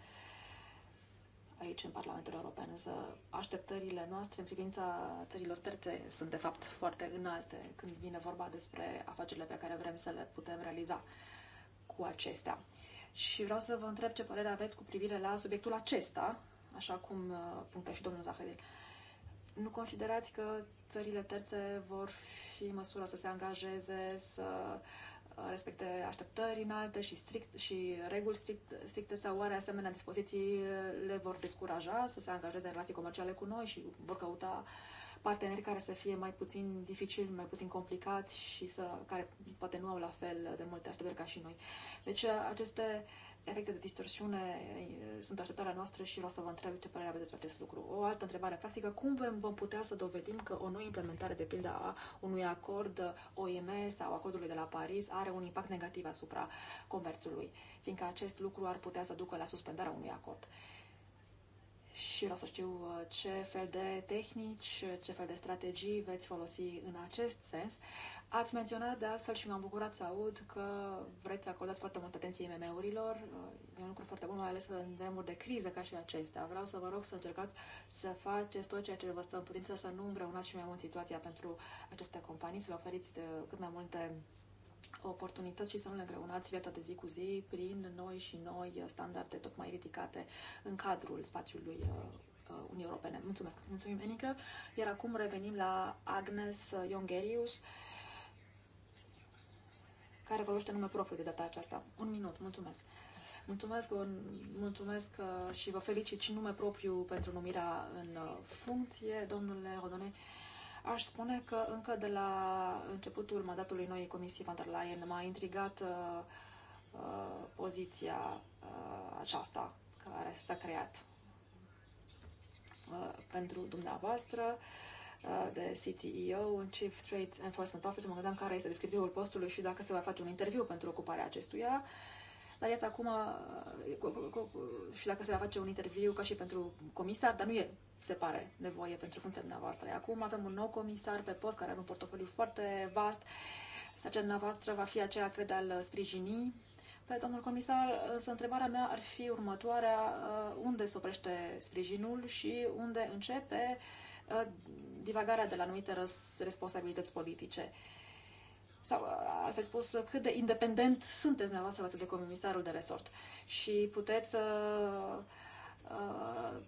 aici în Parlamentul European, însă așteptările noastre în privința țărilor terțe sunt de fapt foarte înalte când vine vorba despre afacerile pe care vrem să le putem realiza cu acestea și vreau să vă întreb ce părere aveți cu privire la subiectul acesta, așa cum uh, punctă și domnul Zahedil. Nu considerați că țările terțe vor fi în măsură să se angajeze, să uh, respecte așteptări înalte și, strict, și reguli strict, stricte sau oare asemenea dispoziții uh, le vor descuraja să se angajeze în relații comerciale cu noi și vor căuta uh, parteneri care să fie mai puțin dificili, mai puțin complicați și să, care poate nu au la fel de multe așteptări ca și noi. Deci uh, aceste efecte de distorsiune uh, sunt așteptarea noastră și vreau să vă întreb ce părere aveți despre acest lucru. O altă întrebare practică, cum vom putea să dovedim că o nouă implementare de pildă a unui acord OIM sau acordului de la Paris are un impact negativ asupra comerțului, fiindcă acest lucru ar putea să ducă la suspendarea unui acord și vreau să știu uh, ce fel de tehnici, ce fel de strategii veți folosi în acest sens. Ați menționat de altfel și m-am bucurat să aud că vreți să acordați foarte multă atenție mm urilor uh, E un lucru foarte bun, mai ales în vremuri de criză ca și acestea. Vreau să vă rog să încercați să faceți tot ceea ce vă stă în putință, să nu îngreunați și mai mult situația pentru aceste companii, să le oferiți uh, cât mai multe oportunități și să nu le greunați viața de zi cu zi prin noi și noi standarde tot mai ridicate în cadrul spațiului uh, uh, Unii Europene. Mulțumesc! Mulțumim, Enică! Iar acum revenim la Agnes Iongerius, care vorbește nume propriu de data aceasta. Un minut, mulțumesc! Mulțumesc, mulțumesc uh, și vă felicit și nume propriu pentru numirea în funcție, domnule Rodone. Aș spune că încă de la începutul mandatului noii comisii van der Leyen m-a intrigat uh, uh, poziția uh, aceasta care s-a creat uh, pentru dumneavoastră uh, de CTEO, un Chief Trade Enforcement Officer. Mă gândeam care este descriptivul postului și dacă se va face un interviu pentru ocuparea acestuia. Dar iată acum, uh, și dacă se va face un interviu ca și pentru comisar, dar nu e se pare nevoie pentru funcția dumneavoastră. Acum avem un nou comisar pe post care are un portofoliu foarte vast. Sarcina dumneavoastră va fi aceea, cred, al sprijinii. pe domnul comisar, însă întrebarea mea ar fi următoarea, uh, unde se oprește sprijinul și unde începe uh, divagarea de la anumite responsabilități politice? Sau, uh, altfel spus, cât de independent sunteți dumneavoastră față de comisarul de resort și puteți uh, uh,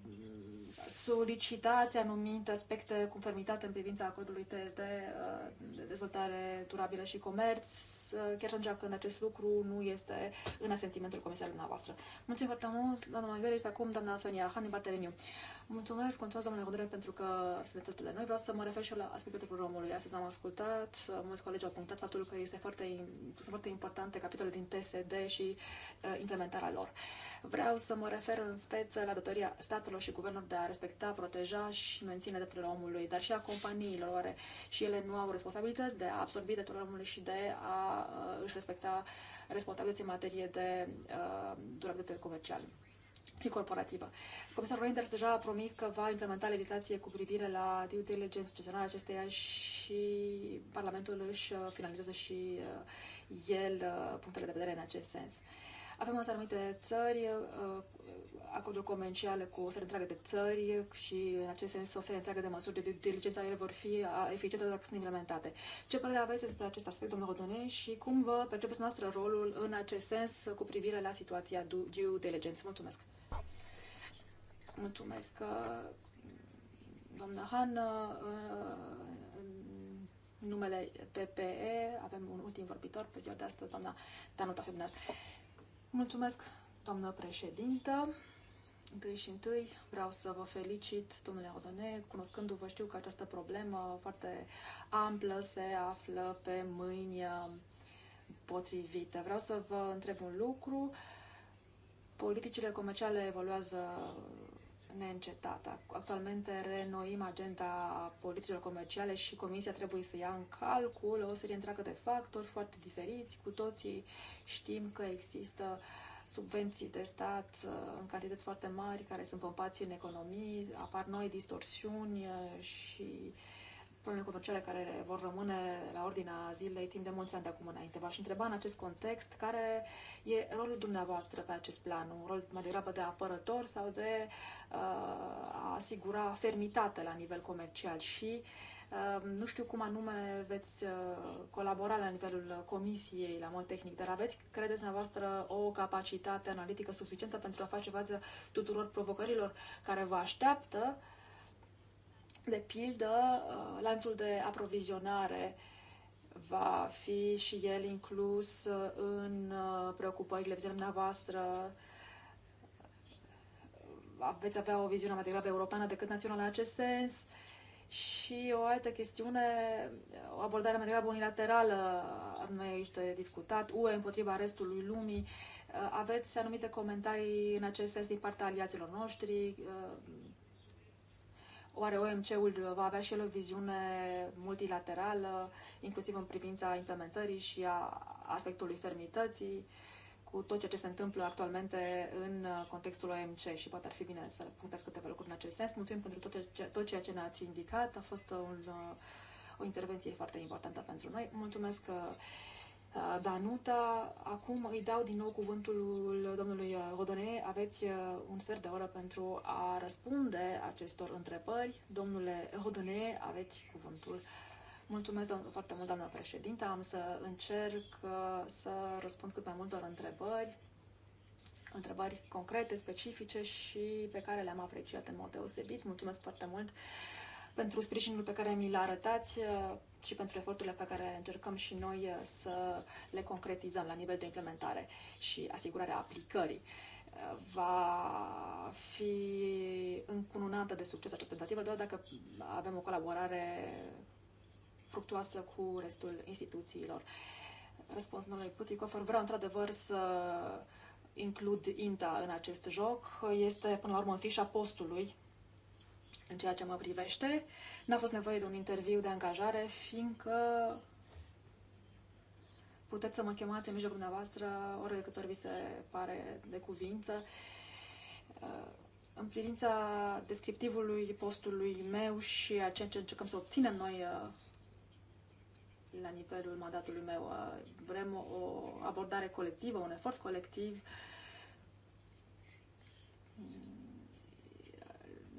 solicitați anumite aspecte conformitate în privința acordului TSD uh, de dezvoltare durabilă și comerț, uh, chiar și atunci când acest lucru nu este în asentimentul comisarului dumneavoastră. Mulțumim foarte mult, doamna Maghiore, acum doamna Sonia Han din partea Mulțumesc, mulțumesc, domnule Rodre, pentru că sunteți alături de noi. Vreau să mă refer și eu la aspectul programului. Astăzi am ascultat, mulți colegi au punctat faptul că este foarte, sunt foarte importante capitolul din TSD și uh, implementarea lor. Vreau să mă refer în speță la datoria statelor și guvernelor de a respecta, proteja și menține drepturile omului, dar și a companiilor, oare și ele nu au responsabilități de a absorbi drepturile omului și de a uh, își respecta responsabilități în materie de uh, durabilitate comercială corporativă. Comisarul Reinders deja a promis că va implementa legislație cu privire la due diligence, gestionarea acesteia și Parlamentul își uh, finalizează și uh, el uh, punctele de vedere în acest sens. Avem însă anumite țări, acorduri comerciale cu o serie întreagă de țări și în acest sens o serie întreagă de măsuri de diligență ele vor fi eficiente dacă sunt implementate. Ce părere aveți despre acest aspect, domnule Rodone, și cum vă percepeți noastră rolul în acest sens cu privire la situația due diligence? Mulțumesc! Mulțumesc, doamna Han, numele PPE, avem un ultim vorbitor pe ziua de astăzi, doamna Danuta Hübner. Mulțumesc, doamnă președintă. Întâi și întâi vreau să vă felicit, domnule Rodone, cunoscându-vă știu că această problemă foarte amplă se află pe mâini potrivite. Vreau să vă întreb un lucru. Politicile comerciale evoluează neîncetată. Actualmente renoim agenda politicilor comerciale și Comisia trebuie să ia în calcul o serie întreagă de factori foarte diferiți. Cu toții știm că există subvenții de stat uh, în cantități foarte mari care sunt pompați în economii, apar noi distorsiuni uh, și uh, lucruri cele care vor rămâne la ordinea zilei timp de mulți ani de acum înainte. V-aș întreba în acest context care e rolul dumneavoastră pe acest plan, un rol mai degrabă de apărător sau de uh, a asigura fermitate la nivel comercial și uh, nu știu cum anume veți uh, colabora la nivelul comisiei, la mod tehnic, dar aveți, credeți dumneavoastră, o capacitate analitică suficientă pentru a face față tuturor provocărilor care vă așteaptă de pildă, uh, lanțul de aprovizionare va fi și el inclus uh, în uh, preocupările voastră. Veți avea o viziune mai degrabă europeană decât națională în acest sens. Și o altă chestiune, o abordare mai degrabă unilaterală, noi aici de discutat, UE împotriva restului lumii. Aveți anumite comentarii în acest sens din partea aliaților noștri, Oare OMC-ul va avea și el o viziune multilaterală, inclusiv în privința implementării și a aspectului fermității, cu tot ceea ce se întâmplă actualmente în contextul OMC și poate ar fi bine să punctați câteva lucruri în acest sens. Mulțumim pentru tot, ce, tot ceea ce ne-ați indicat. A fost un, o intervenție foarte importantă pentru noi. Mulțumesc uh, Uh, Danuta. Acum îi dau din nou cuvântul domnului uh, Rodone. Aveți uh, un sfert de oră pentru a răspunde acestor întrebări. Domnule Rodone, aveți cuvântul. Mulțumesc doamnă, foarte mult, doamna președinte. Am să încerc să răspund cât mai multor întrebări, întrebări concrete, specifice și pe care le-am apreciat în mod deosebit. Mulțumesc foarte mult pentru sprijinul pe care mi-l arătați uh, și pentru eforturile pe care încercăm și noi uh, să le concretizăm la nivel de implementare și asigurarea aplicării. Uh, va fi încununată de succes această tentativă doar dacă avem o colaborare fructuoasă cu restul instituțiilor. Răspuns domnului Puticofer, vreau într-adevăr să includ INTA în acest joc. Este până la urmă în fișa postului în ceea ce mă privește, n-a fost nevoie de un interviu de angajare, fiindcă puteți să mă chemați în mijlocul dumneavoastră ori de câte ori vi se pare de cuvință. În privința descriptivului postului meu și a ceea ce încercăm să obținem noi uh, la nivelul mandatului meu, uh, vrem o abordare colectivă, un efort colectiv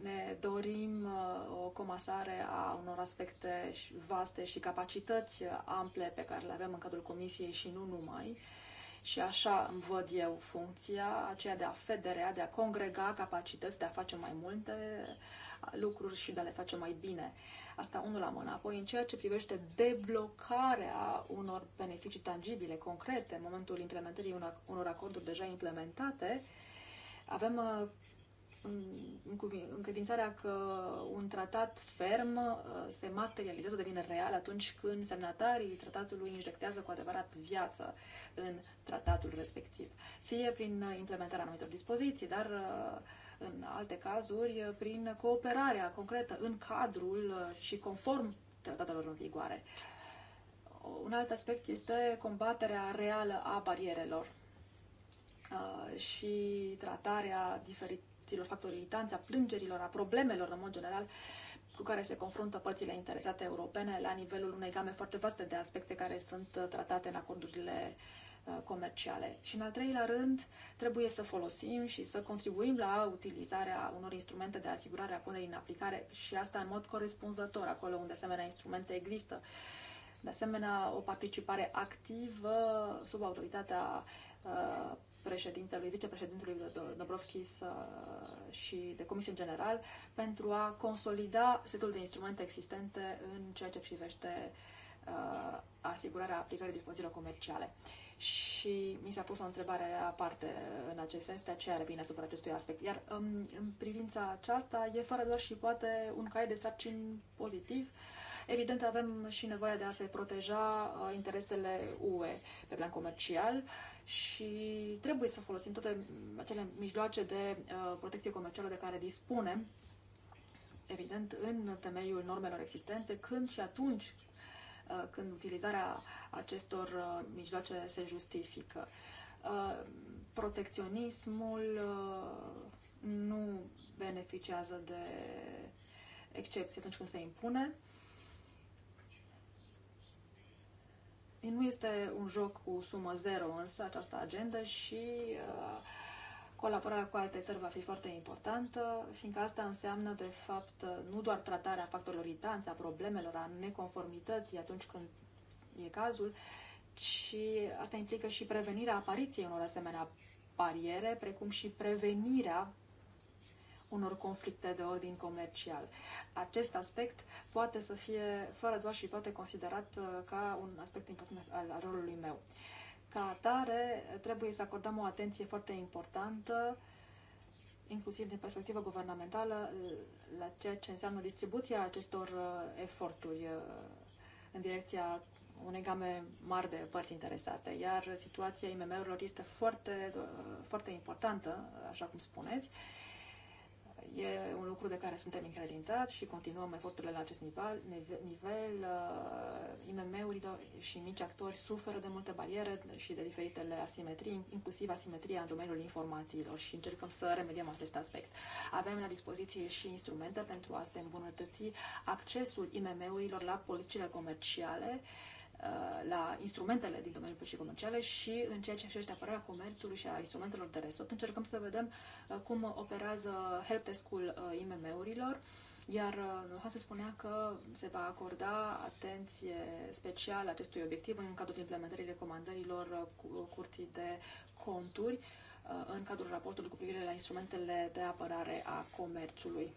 ne dorim uh, o comasare a unor aspecte vaste și capacități ample pe care le avem în cadrul Comisiei și nu numai. Și așa îmi văd eu funcția, aceea de a federea, de a congrega capacități, de a face mai multe lucruri și de a le face mai bine. Asta unul la mână. Apoi, în ceea ce privește deblocarea unor beneficii tangibile, concrete, în momentul implementării unor acorduri deja implementate, avem uh, încredințarea că un tratat ferm uh, se materializează, devine real atunci când semnatarii tratatului injectează cu adevărat viață în tratatul respectiv. Fie prin implementarea anumitor dispoziții, dar uh, în alte cazuri prin cooperarea concretă în cadrul uh, și conform tratatelor în vigoare. Un alt aspect este combaterea reală a barierelor și tratarea diferit părților irritanți, a plângerilor, a problemelor în mod general cu care se confruntă părțile interesate europene la nivelul unei game foarte vaste de aspecte care sunt uh, tratate în acordurile uh, comerciale. Și în al treilea rând, trebuie să folosim și să contribuim la utilizarea unor instrumente de asigurare a punerii în aplicare și asta în mod corespunzător, acolo unde asemenea instrumente există. De asemenea, o participare activă sub autoritatea uh, președintelui, vicepreședintelui Dobrovski să, și de comisie în general pentru a consolida setul de instrumente existente în ceea ce privește uh, asigurarea aplicării dispozițiilor comerciale. Și mi s-a pus o întrebare aparte în acest sens, de aceea revine asupra acestui aspect. Iar um, în privința aceasta e fără doar și poate un caiet de sarcini pozitiv uh, Evident, avem și nevoia de a se proteja uh, interesele UE pe plan comercial și trebuie să folosim toate acele mijloace de uh, protecție comercială de care dispunem, evident, în temeiul normelor existente, când și atunci uh, când utilizarea acestor mijloace se justifică. Protecționismul nu beneficiază de excepție atunci când se impune Nu este un joc cu sumă zero însă această agendă și uh, colaborarea cu alte țări va fi foarte importantă, fiindcă asta înseamnă, de fapt, nu doar tratarea factorilor irritanți, a problemelor, a neconformității atunci când e cazul, ci asta implică și prevenirea apariției unor asemenea bariere, precum și prevenirea unor conflicte de ordin comercial. Acest aspect poate să fie, fără doar și poate, considerat uh, ca un aspect important al rolului meu. Ca atare, trebuie să acordăm o atenție foarte importantă inclusiv din perspectivă guvernamentală, la ceea ce înseamnă distribuția acestor uh, eforturi uh, în direcția unei game mari de părți interesate. Iar situația IMM-urilor este foarte, foarte importantă, așa cum spuneți, E un lucru de care suntem încredințați și continuăm eforturile la acest nivel. nivel uh, IMM-urile și mici actori suferă de multe bariere și de diferitele asimetrii, inclusiv asimetria în domeniul informațiilor și încercăm să remediem acest aspect. Avem la dispoziție și instrumente pentru a se îmbunătăți accesul IMM-urilor la politicile comerciale uh, Uh, la instrumentele din domeniul pășii comerciale și în ceea ce așește apărarea comerțului și a instrumentelor de resort. Încercăm să vedem uh, cum operează helpdesk-ul uh, IMM-urilor, iar se spunea că se va acorda atenție specială acestui obiectiv în cadrul implementării recomandărilor curții de conturi în cadrul raportului cu privire la instrumentele de apărare a comerțului.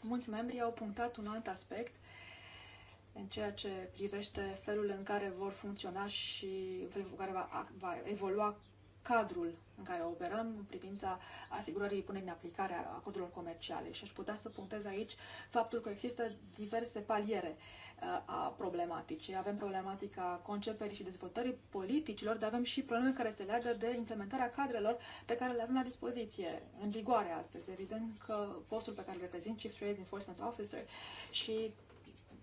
Mulți membri au punctat un alt aspect în ceea ce privește felul în care vor funcționa și în felul în care va, va evolua cadrul în care operăm în privința asigurării punerii în aplicare a acordurilor comerciale. Și aș putea să punctez aici faptul că există diverse paliere uh, a problematicii. Avem problematica conceperii și dezvoltării politicilor, dar avem și probleme care se leagă de implementarea cadrelor pe care le avem la dispoziție, în vigoare astăzi. Evident că postul pe care îl reprezint Chief Trade Enforcement Officer și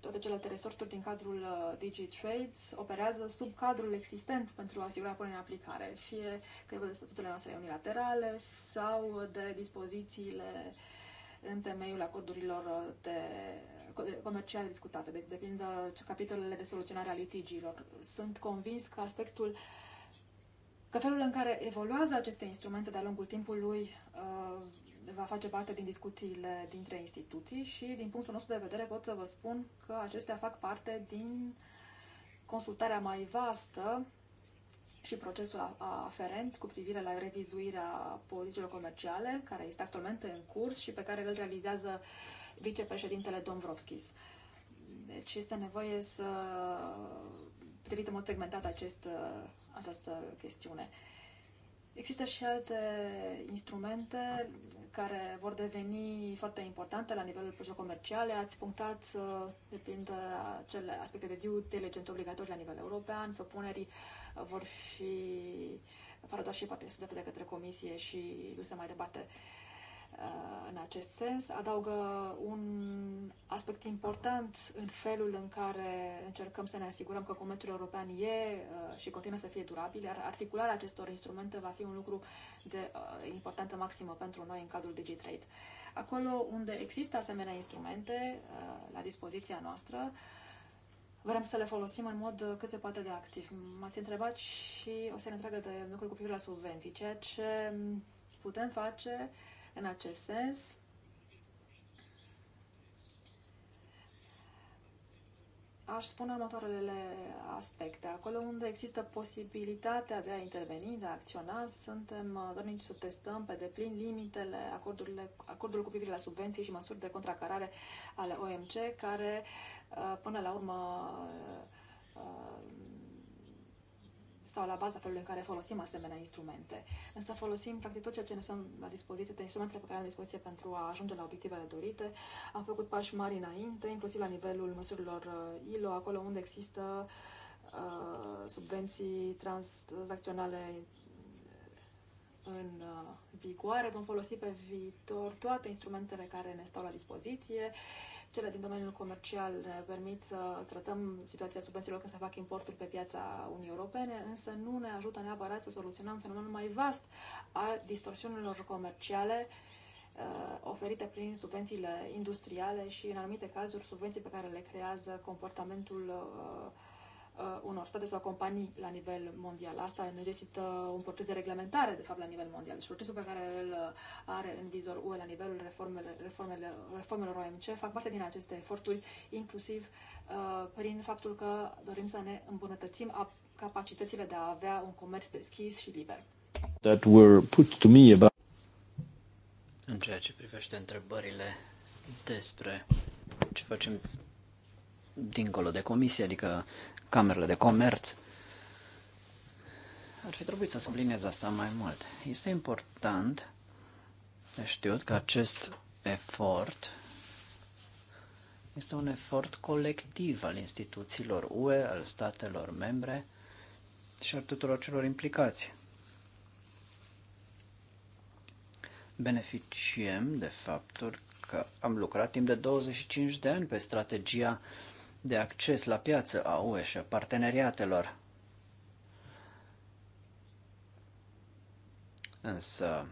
toate celelalte resorturi din cadrul uh, DigiTrade operează sub cadrul existent pentru a asigura punerea în aplicare, fie că e vorba de statutele noastre unilaterale sau de dispozițiile în temeiul acordurilor uh, de, comerciale discutate, de, depinde de capitolele de soluționare a litigiilor. Sunt convins că aspectul că felul în care evoluează aceste instrumente de-a lungul timpului uh, va face parte din discuțiile dintre instituții și, din punctul nostru de vedere, pot să vă spun că acestea fac parte din consultarea mai vastă și procesul aferent cu privire la revizuirea politicilor comerciale, care este actualmente în curs și pe care îl realizează vicepreședintele Dombrovskis. Deci este nevoie să privit în mod segmentat acest, această chestiune. Există și alte instrumente care vor deveni foarte importante la nivelul proiectelor comerciale. Ați punctat, uh, de pildă, acele aspecte de due diligence obligatorii la nivel european. Propunerii uh, vor fi fără doar și poate studiate de către Comisie și duse mai departe Uh, în acest sens, adaugă un aspect important în felul în care încercăm să ne asigurăm că comerțul european e uh, și continuă să fie durabil, iar articularea acestor instrumente va fi un lucru de uh, importantă maximă pentru noi în cadrul DigiTrade. Acolo unde există asemenea instrumente la dispoziția noastră, vrem să le folosim în mod cât se poate de activ. M-ați întrebat și o ne întreagă de lucruri cu privire la subvenții, ceea ce putem face uh, în acest sens, aș spune următoarele aspecte. Acolo unde există posibilitatea de a interveni, de a acționa, suntem uh, dornici să testăm pe deplin limitele, acordurile, acordul cu privire la subvenții și măsuri de contracarare ale OMC, care uh, până la urmă uh, stau la baza felului în care folosim asemenea instrumente. Însă folosim practic tot ceea ce ne sunt la dispoziție, toate instrumentele pe care le am la dispoziție pentru a ajunge la obiectivele dorite. Am făcut pași mari înainte, inclusiv la nivelul măsurilor uh, ILO, acolo unde există uh, subvenții transacționale în uh, vigoare. Vom folosi pe viitor toate instrumentele care ne stau la dispoziție. Cele din domeniul comercial ne permit să tratăm situația subvențiilor când se fac importuri pe piața Uniunii Europene, însă nu ne ajută neapărat să soluționăm fenomenul mai vast al distorsiunilor comerciale uh, oferite prin subvențiile industriale și, în anumite cazuri, subvenții pe care le creează comportamentul uh, uh, unor state sau companii la nivel mondial. Asta necesită un proces de reglementare, de fapt, la nivel mondial. Deci procesul pe care îl uh, are în vizor UE la nivelul reformelor, reformelor, reformelor OMC fac parte din aceste eforturi, inclusiv uh, prin faptul că dorim să ne îmbunătățim a, capacitățile de a avea un comerț deschis și liber.
That were put to me about...
În ceea ce privește întrebările despre ce facem dincolo de comisie, adică camerele de comerț. Ar fi trebuit să subliniez asta mai mult. Este important de știut că acest efort este un efort colectiv al instituțiilor UE, al statelor membre și al tuturor celor implicați. Beneficiem de faptul că am lucrat timp de 25 de ani pe strategia de acces la piață a UE și a parteneriatelor. Însă,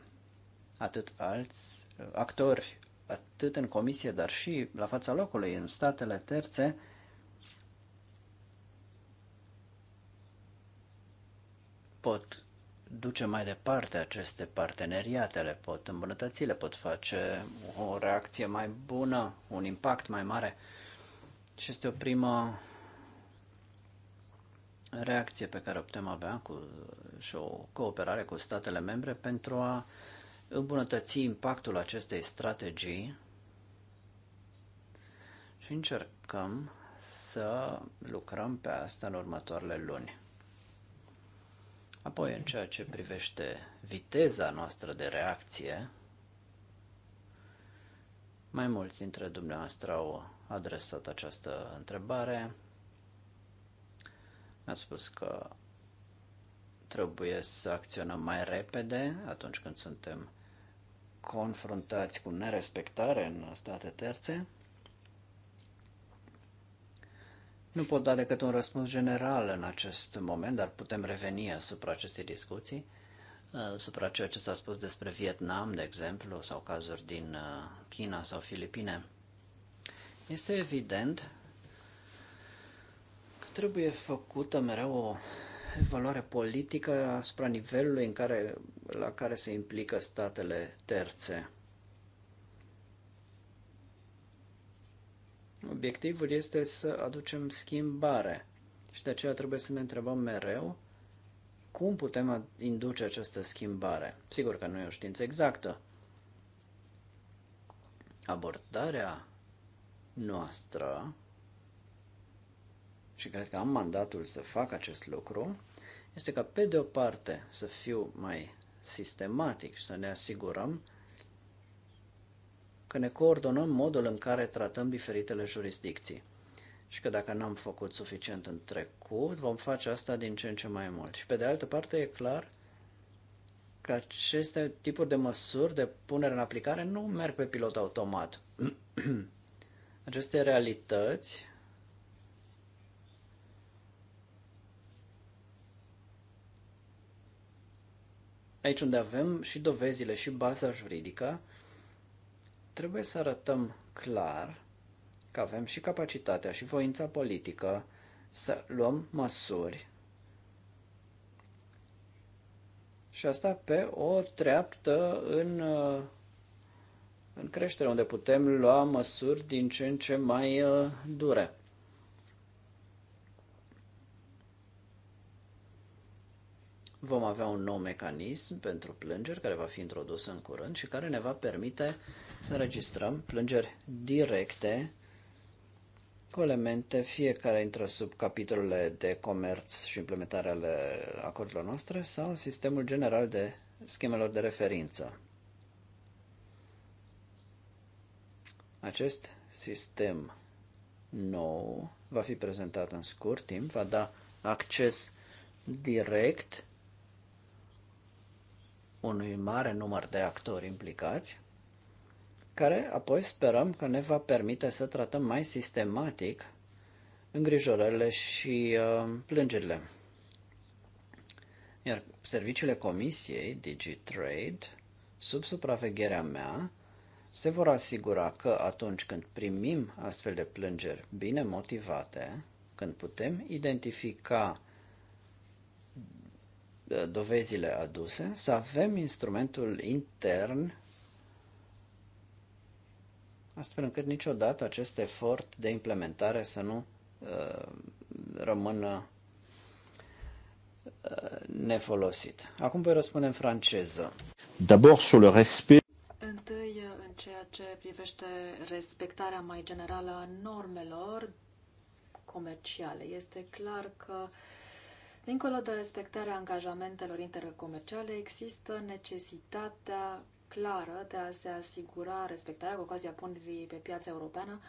atât alți uh, actori, atât în comisie, dar și la fața locului, în statele terțe, pot duce mai departe aceste parteneriate, le pot îmbunătăți, le pot face o reacție mai bună, un impact mai mare. Și deci este o prima reacție pe care o putem avea cu, și o cooperare cu statele membre pentru a îmbunătăți impactul acestei strategii și încercăm să lucrăm pe asta în următoarele luni. Apoi, în ceea ce privește viteza noastră de reacție, mai mulți dintre dumneavoastră au adresat această întrebare. Mi-a spus că trebuie să acționăm mai repede atunci când suntem confruntați cu nerespectare în state terțe. Nu pot da decât un răspuns general în acest moment, dar putem reveni asupra acestei discuții, asupra ceea ce s-a spus despre Vietnam, de exemplu, sau cazuri din uh, China sau Filipine. Este evident că trebuie făcută mereu o evaluare politică asupra nivelului în care, la care se implică statele terțe. Obiectivul este să aducem schimbare și de aceea trebuie să ne întrebăm mereu cum putem induce această schimbare. Sigur că nu e o știință exactă. Abordarea noastră și cred că am mandatul să fac acest lucru, este ca pe de o parte să fiu mai sistematic și să ne asigurăm că ne coordonăm modul în care tratăm diferitele jurisdicții și că dacă n-am făcut suficient în trecut, vom face asta din ce în ce mai mult. Și pe de altă parte e clar că aceste tipuri de măsuri de punere în aplicare nu merg pe pilot automat. (clears throat) Aceste realități aici unde avem și dovezile și baza juridică, trebuie să arătăm clar că avem și capacitatea și voința politică să luăm măsuri și asta pe o treaptă în uh, în creștere, unde putem lua măsuri din ce în ce mai uh, dure. Vom avea un nou mecanism pentru plângeri care va fi introdus în curând și care ne va permite să înregistrăm plângeri directe cu elemente, fiecare intră sub capitolele de comerț și implementare ale acordurilor noastre sau sistemul general de schemelor de referință. Acest sistem nou va fi prezentat în scurt timp, va da acces direct unui mare număr de actori implicați, care apoi sperăm că ne va permite să tratăm mai sistematic îngrijorările și uh, plângerile. Iar serviciile comisiei DigiTrade, sub supravegherea mea, se vor asigura că atunci când primim astfel de plângeri bine motivate, când putem identifica uh, dovezile aduse, să avem instrumentul intern astfel încât niciodată acest efort de implementare să nu uh, rămână uh, nefolosit. Acum voi răspunde în franceză.
D'abord sur le respect întâi
în ceea ce privește respectarea mai generală a normelor comerciale. Este clar că dincolo de respectarea angajamentelor intercomerciale există necesitatea clară de a se asigura respectarea cu ocazia punerii pe piața europeană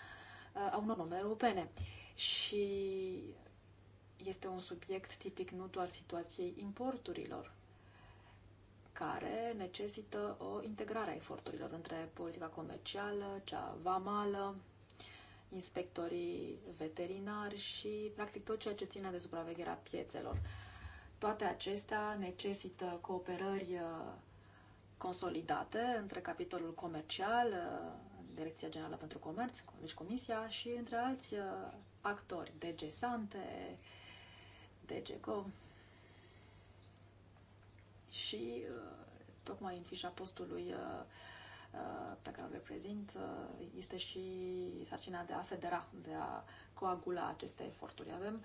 a unor norme europene. Și este un subiect tipic nu doar situației importurilor, care necesită o integrare a eforturilor între politica comercială, cea vamală, inspectorii veterinari și, practic, tot ceea ce ține de supravegherea piețelor. Toate acestea necesită cooperări uh, consolidate între capitolul comercial, uh, Direcția Generală pentru Comerț, deci Comisia, și între alți uh, actori, DG Sante, Go, și uh, tocmai în fișa postului uh, uh, pe care o reprezint este și sarcina de a federa, de a coagula aceste eforturi. Avem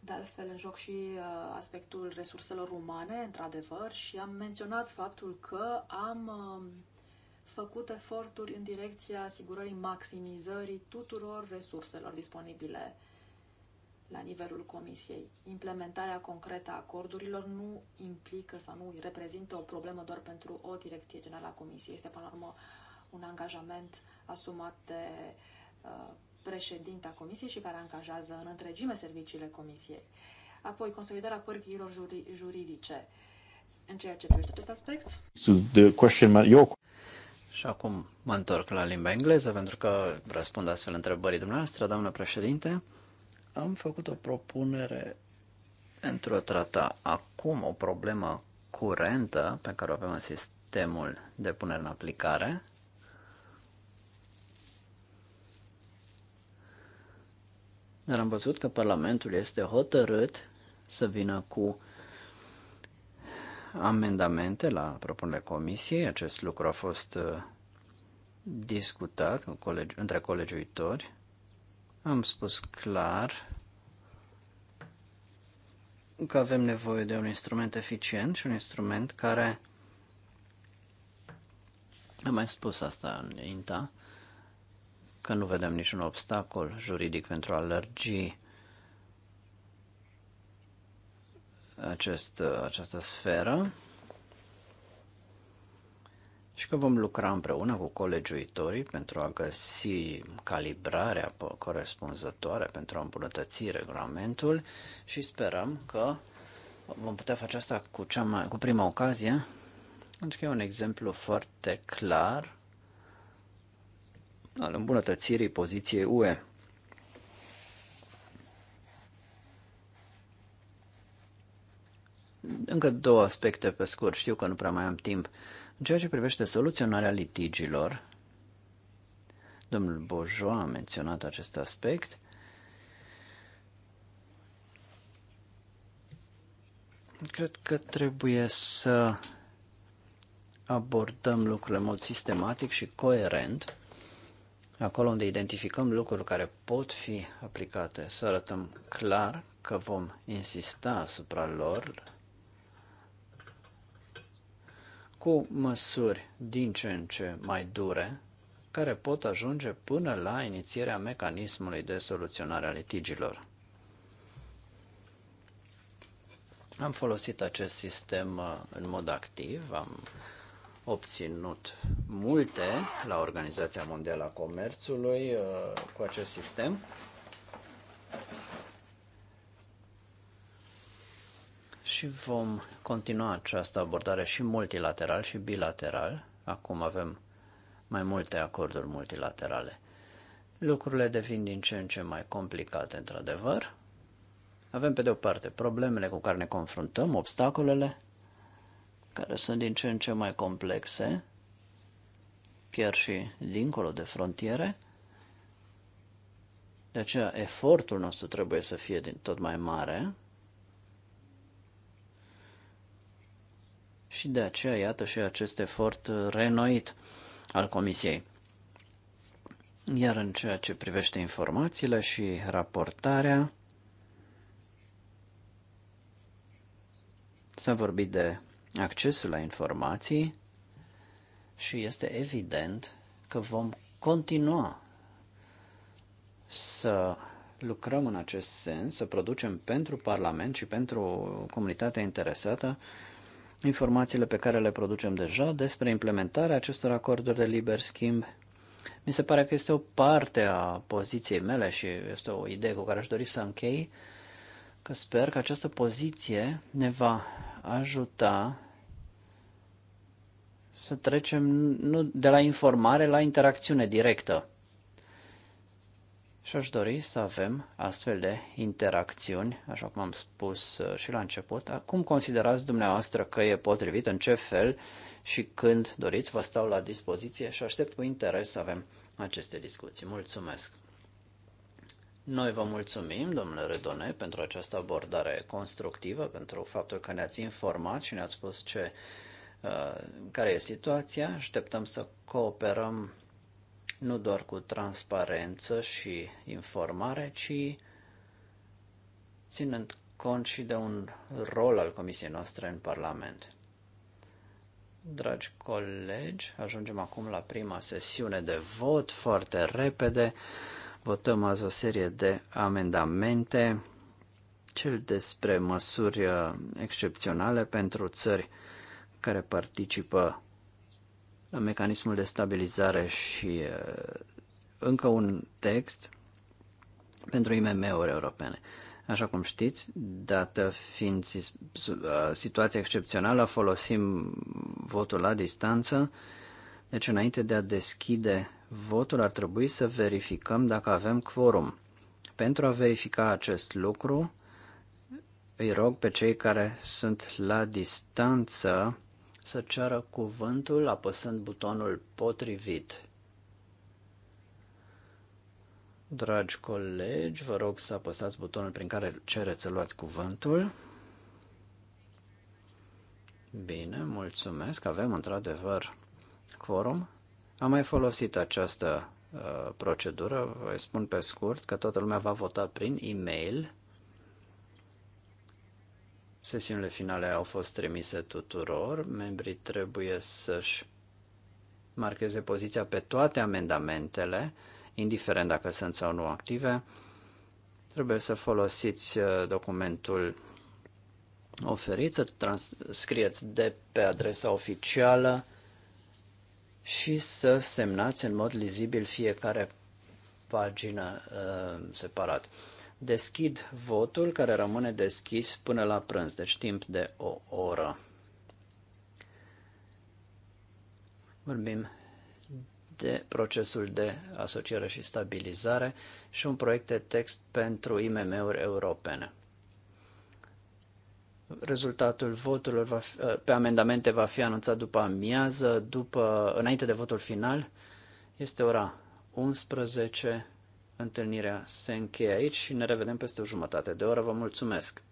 de altfel în joc și aspectul resurselor umane, într-adevăr, și am menționat faptul că am um, făcut eforturi în direcția asigurării maximizării tuturor resurselor disponibile la nivelul Comisiei. Implementarea concretă a acordurilor nu implică sau nu reprezintă o problemă doar pentru o direcție generală a Comisiei. Este, până la urmă, un angajament asumat de uh, președinta Comisiei și care angajează în întregime serviciile Comisiei. Apoi, consolidarea pârghiilor juri, juridice în ceea ce
privește acest aspect.
So the question, your...
Și acum mă întorc la limba engleză pentru că răspund astfel întrebării dumneavoastră, doamnă președinte am făcut o propunere pentru a trata acum o problemă curentă pe care o avem în sistemul de punere în aplicare. Dar am văzut că Parlamentul este hotărât să vină cu amendamente la propunerea Comisiei. Acest lucru a fost uh, discutat cu colegi, între colegiuitori. Am spus clar că avem nevoie de un instrument eficient și un instrument care, am mai spus asta în INTA, că nu vedem niciun obstacol juridic pentru a lărgi acest, această sferă și că vom lucra împreună cu colegiuitorii pentru a găsi calibrarea corespunzătoare pentru a îmbunătăți regulamentul și sperăm că vom putea face asta cu, cea mai, cu prima ocazie, pentru că e un exemplu foarte clar al îmbunătățirii poziției UE. Încă două aspecte pe scurt, știu că nu prea mai am timp. Uh, în ceea ce privește soluționarea litigilor, domnul Bojo a menționat acest aspect, cred că trebuie să abordăm lucrurile în mod sistematic și coerent, acolo unde identificăm lucruri care pot fi aplicate, să arătăm clar că vom insista asupra lor cu măsuri din ce în ce mai dure, care pot ajunge până la inițierea mecanismului de soluționare a litigilor. Am folosit acest sistem uh, în mod activ, am obținut multe la Organizația Mondială a Comerțului uh, cu acest sistem și vom continua această abordare și multilateral și bilateral. Acum avem mai multe acorduri multilaterale. Lucrurile devin din ce în ce mai complicate, într-adevăr. Avem, pe de o parte, problemele cu care ne confruntăm, obstacolele, care sunt din ce în ce mai complexe, chiar și dincolo de frontiere. De aceea, efortul nostru trebuie să fie din tot mai mare și de aceea, iată și acest efort renoit al Comisiei. Iar în ceea ce privește informațiile și raportarea, s-a vorbit de accesul la informații și este evident că vom continua să lucrăm în acest sens, să producem pentru Parlament și pentru comunitatea interesată informațiile pe care le producem deja despre implementarea acestor acorduri de liber schimb. Mi se pare că este o parte a poziției mele și este o idee cu care aș dori să închei, că sper că această poziție ne va ajuta să trecem nu de la informare la interacțiune directă. Și aș dori să avem astfel de interacțiuni, așa cum am spus uh, și la început. Acum considerați dumneavoastră că e potrivit, în ce fel și când doriți, vă stau la dispoziție și aștept cu interes să avem aceste discuții. Mulțumesc! Noi vă mulțumim, domnule Redone, pentru această abordare constructivă, pentru faptul că ne-ați informat și ne-ați spus ce, uh, care e situația. Așteptăm să cooperăm nu doar cu transparență și informare, ci ținând cont și de un rol al comisiei noastre în Parlament. Dragi colegi, ajungem acum la prima sesiune de vot, foarte repede. Votăm azi o serie de amendamente, cel despre măsuri uh, excepționale pentru țări care participă la mecanismul de stabilizare și încă un text pentru IMM-uri europene. Așa cum știți, dată fiind uh, situația excepțională, folosim votul la distanță, deci înainte de a deschide votul ar trebui să verificăm dacă avem quorum. Pentru a verifica acest lucru, îi rog pe cei care sunt la distanță să ceară cuvântul apăsând butonul potrivit. Dragi colegi, vă rog să apăsați butonul prin care cereți să luați cuvântul. Bine, mulțumesc. Avem într-adevăr quorum. Am mai folosit această uh, procedură. Vă spun pe scurt că toată lumea va vota prin e-mail Sesiunile finale au fost trimise tuturor. Membrii trebuie să-și marcheze poziția pe toate amendamentele, indiferent dacă sunt sau nu active. Trebuie să folosiți uh, documentul oferit, să transcrieți de pe adresa oficială și să semnați în mod lizibil fiecare pagină uh, separat. Deschid votul care rămâne deschis până la prânz, deci timp de o oră. Vorbim de procesul de asociere și stabilizare și un proiect de text pentru IMM-uri europene. Rezultatul voturilor va fi, pe amendamente va fi anunțat după amiază, după, înainte de votul final. Este ora 11. Întâlnirea se încheie aici și ne revedem peste o jumătate de oră. Vă mulțumesc!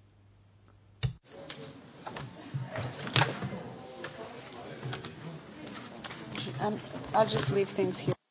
Um, I'll just leave things here.